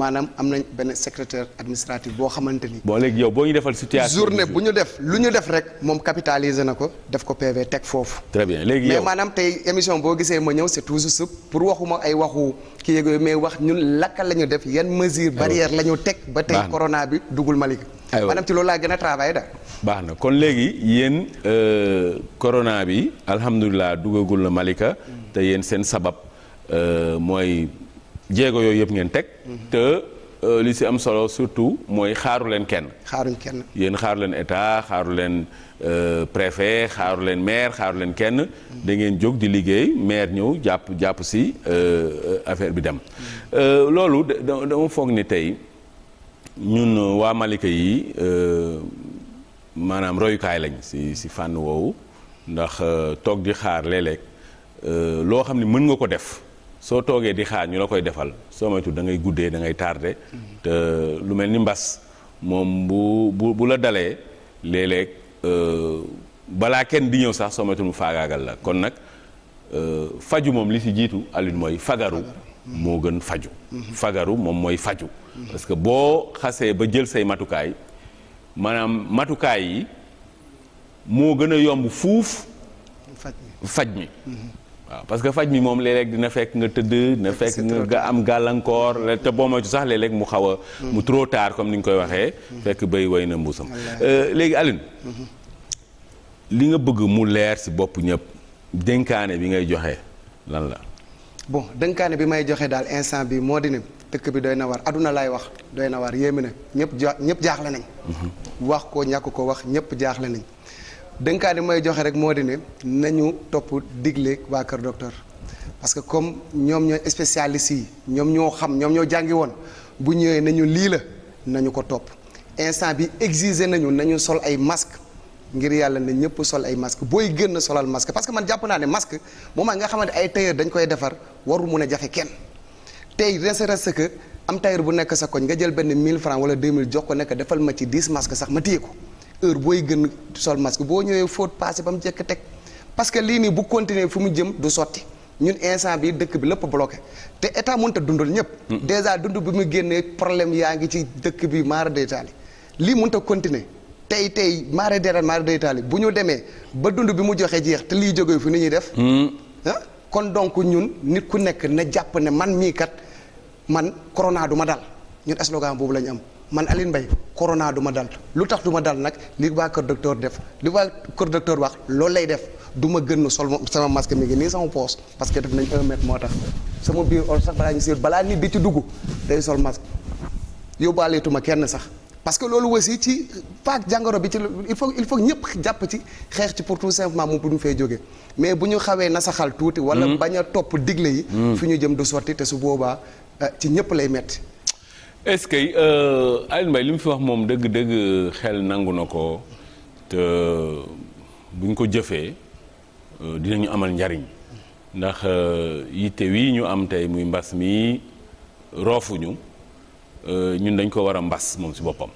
maanaam am nañ benn secrétaire administratif boo xamante ni. bon léegi yow boo ñu defal situation. journée bu ñu def lu ñu def rek moom capitaliser na ko def ko PV teg foofu. très léegi yow maanaam tey émission boo gisee ma ñëw c'est toujours pour waxuma ay waxu kii yeeg mais wax ñun lakka la ñu def yan masir barrière la ñu teg. ba tey corona bi duggul Malika. aywa maanaam ci loolu laa gën a travail da baax na kon léegi yéen euh, corona bi alhamdulilah duggagul na Malika. Mm. te yéen seen sabab euh, mooy. jéego yooyu yëpp ngeen teg. Mhm. te euh, li si am solo surtout mooy xaaru leen kenn. xaaruñ kenn yéen xaaru leen état xaaru leen euh, préfet xaaru leen maire xaaru leen kenn. Mhm. da ngeen jóg di liggéey maire ñëw jàpp jàpp si euh, affaire bi dem. Mhm. loolu dama foog ni tey ñun waa Malika yi maanaam royukaay lañ si si fànn woowu ndax toog di xaar léeg-léeg loo xam ne mën nga ko def. soo toogee di xaar ñu la koy defal soo moytu da ngay guddee da ngay tardé te lu mel ni mbas moom bu bu bu la dalee léeg-léeg euh, balaa kenn di ñëw sax soo moytu mu faagaagal la kon nag euh, faju moom li ci jiitu aline mooy fagaru mm-hmm. moo gën faju mm-hmm. fagaru moom mooy faju mm-hmm. parce que boo xasee ba jël say matukaay maanaam matukaay yi moo gën a yomb fuuf faj faj mi waaw parce que faj mi moom léeg dina fekk nga tëdd dina fekk nga am gàllankoor te boo moytu sax léeg-léeg mu xaw a mm. mu trop tard comme ni ñu koy waxee mm. fekk béy way na mbuusam euh, léegi Alioune mm-hmm. li nga bëgg mu leer si bopp ñëpp dénkaane bi ngay joxe lan la bon dénkaane bi may joxe daal instant bi moo di ne dëkk bi doy na waar aduna laay wax doy na waar yéeme na ñëpp jaaxle nañ mm-hmm. wax ko ñàkk ko wax ñëpp jaaxle nañ dënkaat yi may joxe rek moo di ne nañu topp digle waa kër docteur parce que comme ñoom ñooy spécialistes yi ñoom ñoo xam ñoom ñoo jàngi woon bu ñëwee nañu lii la nañu ko topp instant bi exiger nañu nañu sol ay masque ngir yàlla na ñëpp sol ay masque booy gën a solal masque parce que man jàpp naa ne masque moom nga xamante ay tailleur dañ koy defar warul mun a jafe kenn tey ne serait-ce que am tailleur bu nekk sa koñ nga jël benn 1000 francs wala 2000 jox ko nekk defal ma ci 10 masque sax ma téye heure booy gën sol masque boo ñëwee fóot passé ba mu jekk teg parce que lii nii bu continuer fu mu jëm du sotti ñun instant bi dëkk bi lépp bloqué te état mënut a dundal ñëpp. déjà dund bi mu génnee problème yaa ngi ci dëkk bi mara daytaali lii mënut a continuer tey tey mara daytaali mara bu ñu demee ba dund bi mu joxee jeex te lii jógee fi ni ñuy def. Mm. ah kon donc ñun nit ku nekk na jàpp ne man mii kat man corona du ma dal ñun slogan boobu la ñu am. man Aline Mbaye corona du ma dal lu tax duma dal nag li waa kër docteur def li waa kër docteur wax loolu lay def du ma gën sol sama masque mi ngi nii sama poos parce que def nañ un moo tax sama biir or sax balaa ñu balaa nit di ci dugg day sol masque yóbbaaleetuma kenn sax parce que loolu aussi ci paak jàngoro bi ci il faut il faut ñëpp jàpp ci xeex ci pour tout simplement mu bu ñu fee jógee mais bu ñu xawee nasaxal tuuti. wala mm-hmm. bañ a topp digle yi. Mm. fi ñu jëm du sotti te su boobaa euh, ci ñëpp lay metti est-ce que euh, Alioune Mbaye li mu fi wax moom dëgg-dëgg xel nangu na ko te buñ ko jëfee euh, dinañu amal njariñ ndax euh, yitte wii ñu am tey muy mbas mi roofuñu ñun dañ ko war a mbas moom si boppam.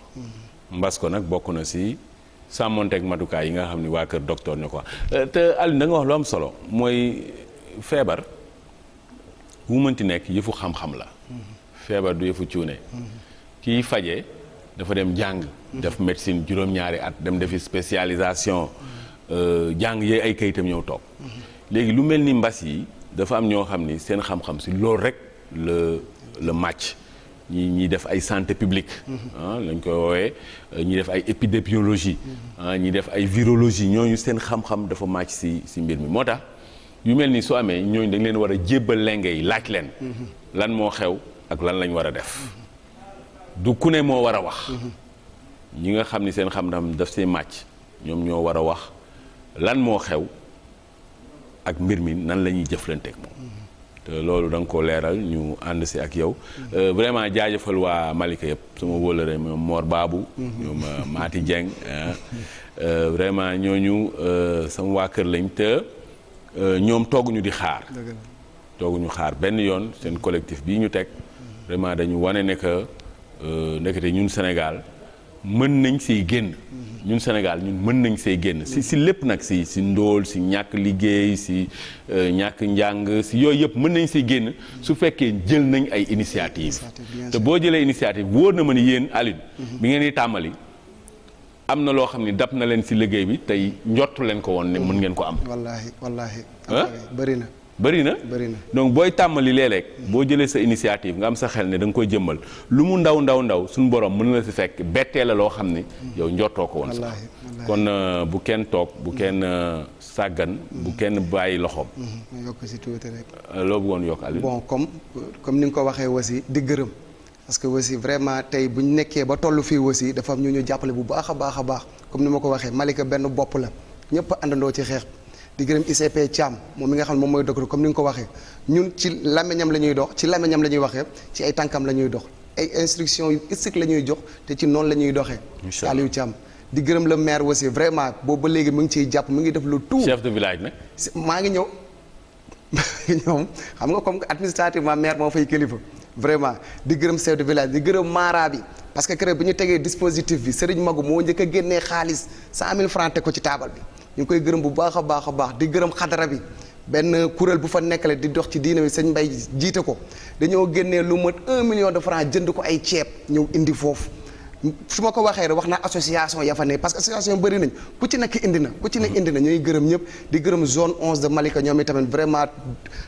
mbas ko nag bokk na si sàmmonteeg matukaay yi nga xam ni waa kër docteur ñu ko te Alioune da wax lu am solo mooy feebar wu mënti nekk yëfu xam-xam la. feebar du yëfu ne kiy faje dafa dem jàng def médecine juróom-ñaari at dem defi spécialisation euh, jàng yooyu ay kayitam ñëw toog léegi lu mel ni mbas yi dafa am ñoo xam ni seen xam-xam si loolu rek la la màcc ñi ñiy def ay santé publique ah lañ koy woowee euh, ñi def ay épidémiologie ah ñi def ay virologie ñooñu seen xam-xam dafa màcc si si mbir mi moo tax yu mel ni su amee ñooñu dañ leen war a jébbal lenge yi laaj leen lan moo xew ak lan lañ war a def du ku ne moo war a wax ñi nga xam ni seen xam-xam daf see màcc ñoom ñoo war a wax lan moo xew ak mbir mi nan la ñuy jëflanteeg moom te loolu da nga ko leeral ñu ànd si ak yow euh, vraiment jaajëfal waa Malika yëpp suma wóolare ñoom Mor Babou ñoom euh, Maati Dieng euh, vraiment ñooñu sama waa kër lañ te ñoom tooguñu di xaar tooguñu xaar benn yoon seen collectif bii ñu teg vraiment dañu wane ne que euh, ndekete ñun Sénégal mën nañ siy génn. ñun Sénégal ñun mën nañ see génn si si lépp nag si si ndóol si ñàkk liggéey si euh, ñàkk njàng si yooyu yëpp mën nañ siy génn su fekkee jël nañ ay initiative te boo jëlee initiative wóor na ma ni yéen Alioune. Mhm. bi ngeen di tàmbali. am na loo xam ne dab na leen si liggéey bi tey njottu leen ko woon ne mën ngeen ko am. wallaahi wallaahi. bëri na. bëri na bëri na donc booy tàmmali léeg-léeg boo jëlee sa initiative nga am sa xel ne da nga koy jëmmal lu mu ndaw ndaw ndaw suñu borom mën na la si fekk bettee la loo xam ni yow njortoo ko woon sax kon euh, bu kenn toog bu kenn euh, sàggan bu kenn bàyyi loxoom mm-hmm. Mm-hmm. yokk si tuuti rek euh, loo bëggoon yokk Aliou bon comme comme ni nga ko waxee wasi di gërëm parce que aussi vraiment tey bu ñu nekkee ba toll fii aussi dafa ñu ñu jàppale bu baax a baax a baax comme ni ma ko waxee Malika benn bopp la ñëpp àndandoo ci xeex di gërëm ICP Thiam moom mi nga xam ne moom mooy dog docteur comme ni nga ko waxee ñun ci làmmiñam la ñuy dox ci làmmiñam la ñuy waxee ci ay tànkam lañuy dox ay instructions yu strict la ñuy jox te ci noonu la ñuy doxee. Aliou Thiam di gërëm le maire aussi vraiment boobu ba léegi mu ngi ciy jàpp mu ngi def lu tout. chef de village nag. maa ngi ñëw ñoom xam nga comme administrativement maire moo fay kilifa vraiment di gërëm chef de village di gërëm maara bi parce que keroog bi ñu tegee dispositif bi Serigne Magu moo njëkk a génnee xaalis 100000 francs teg ko ci taabal bi. ñu koy gërëm bu baax a baax a baax di gërëm xadara bi benn kuréel bu fa nekkale di dox ci diina bi sëñ Mbay jiite ko dañoo génnee lu mat un million de francs jënd ko ay ceeb ñëw indi foofu su ma ko waxee rek wax naa association ya ne parce que association bëri nañ ku ci nekk indi na ku ci nekk indi na ñooy gërëm ñëpp di gërëm zone onze de Malika ñoom itamit vraiment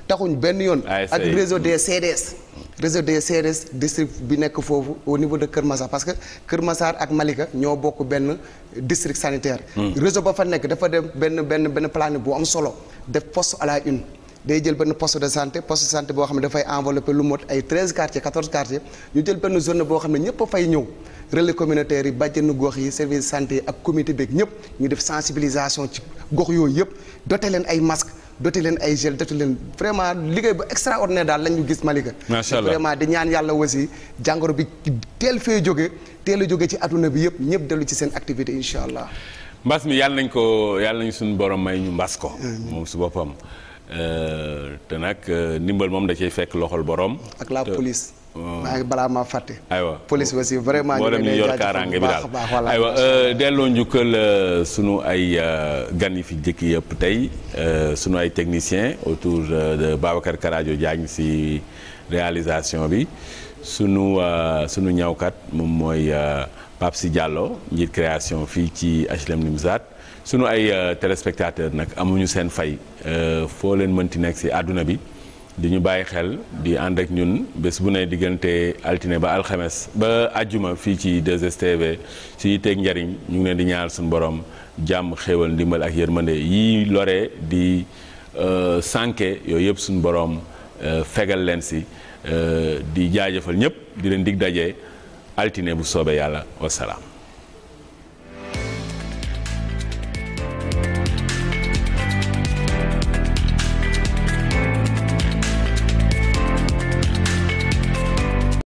taxuñ benn yoon ak réseau des CDS réseau des CRS district bi nekk foofu au niveau de Kër Massar parce que Kër Massar ak Malika ñoo bokk benn district sanitaire. Hmm. réseau ba fa nekk dafa dem benn benn benn planning bu am solo def post à la une. day jël benn poste de santé poste de santé boo xam ne dafay enveloppé lu mot ay treize quartiers quatorze quartiers ñu jël benn zone boo xam ne ñëpp a fay ñëw relais communautaire yi bàjjenu gox yi service santé ak comité beeg ñëpp ñu def sensibilisation ci gox yooyu yëpp dote leen ay masques. doti leen ay gel doti leen vraiment liggéey bu extraordinaire daal lañu gis Malika macha allah vraiment di ñaan yàlla aussi jàngoro bi teel fee jóge teel a jóge ci adduna bi yëpp ñëpp dellu ci seen activité incha allah mbaas mi yàlla nañ ko yàlla nañ suñu borom may ñu mbaas ko moom su boppam euh, te nag euh, ndimbal moom da cay fekk loxol borom ak la police Oh. maa ngi balaa maa fàtte. aywa police aussi vraiment ñu ngi lay jaajëfal bu baax a baax euh, delloo njukkal euh, sunu ay euh, gan yi fi njëkk yëpp tey sunu ay techniciens autour de Babacar Karadio Diagne si réalisation bi sunu sunu ñawkat moom mooy Pape Si Diallo njiit création fii ci HLM Nimzat sunu ay téléspectateurs nag amuñu seen fay foo leen mënti nekk si àdduna bi. di ñu bàyyi xel di ànd ak ñun bés bu ne diggante altine ba alxames ba àjjuma fii ci 2STV si yitteeg njariñ ñu ngi leen di ñaar suñu borom jàmm xéewal ndimbal ak yërmande yi lore di euh, sànke yooyu yëpp suñu borom euh, fegal leen si euh, di jaajëfal ñëpp di leen dig daje altine bu soobee yàlla wasalaam.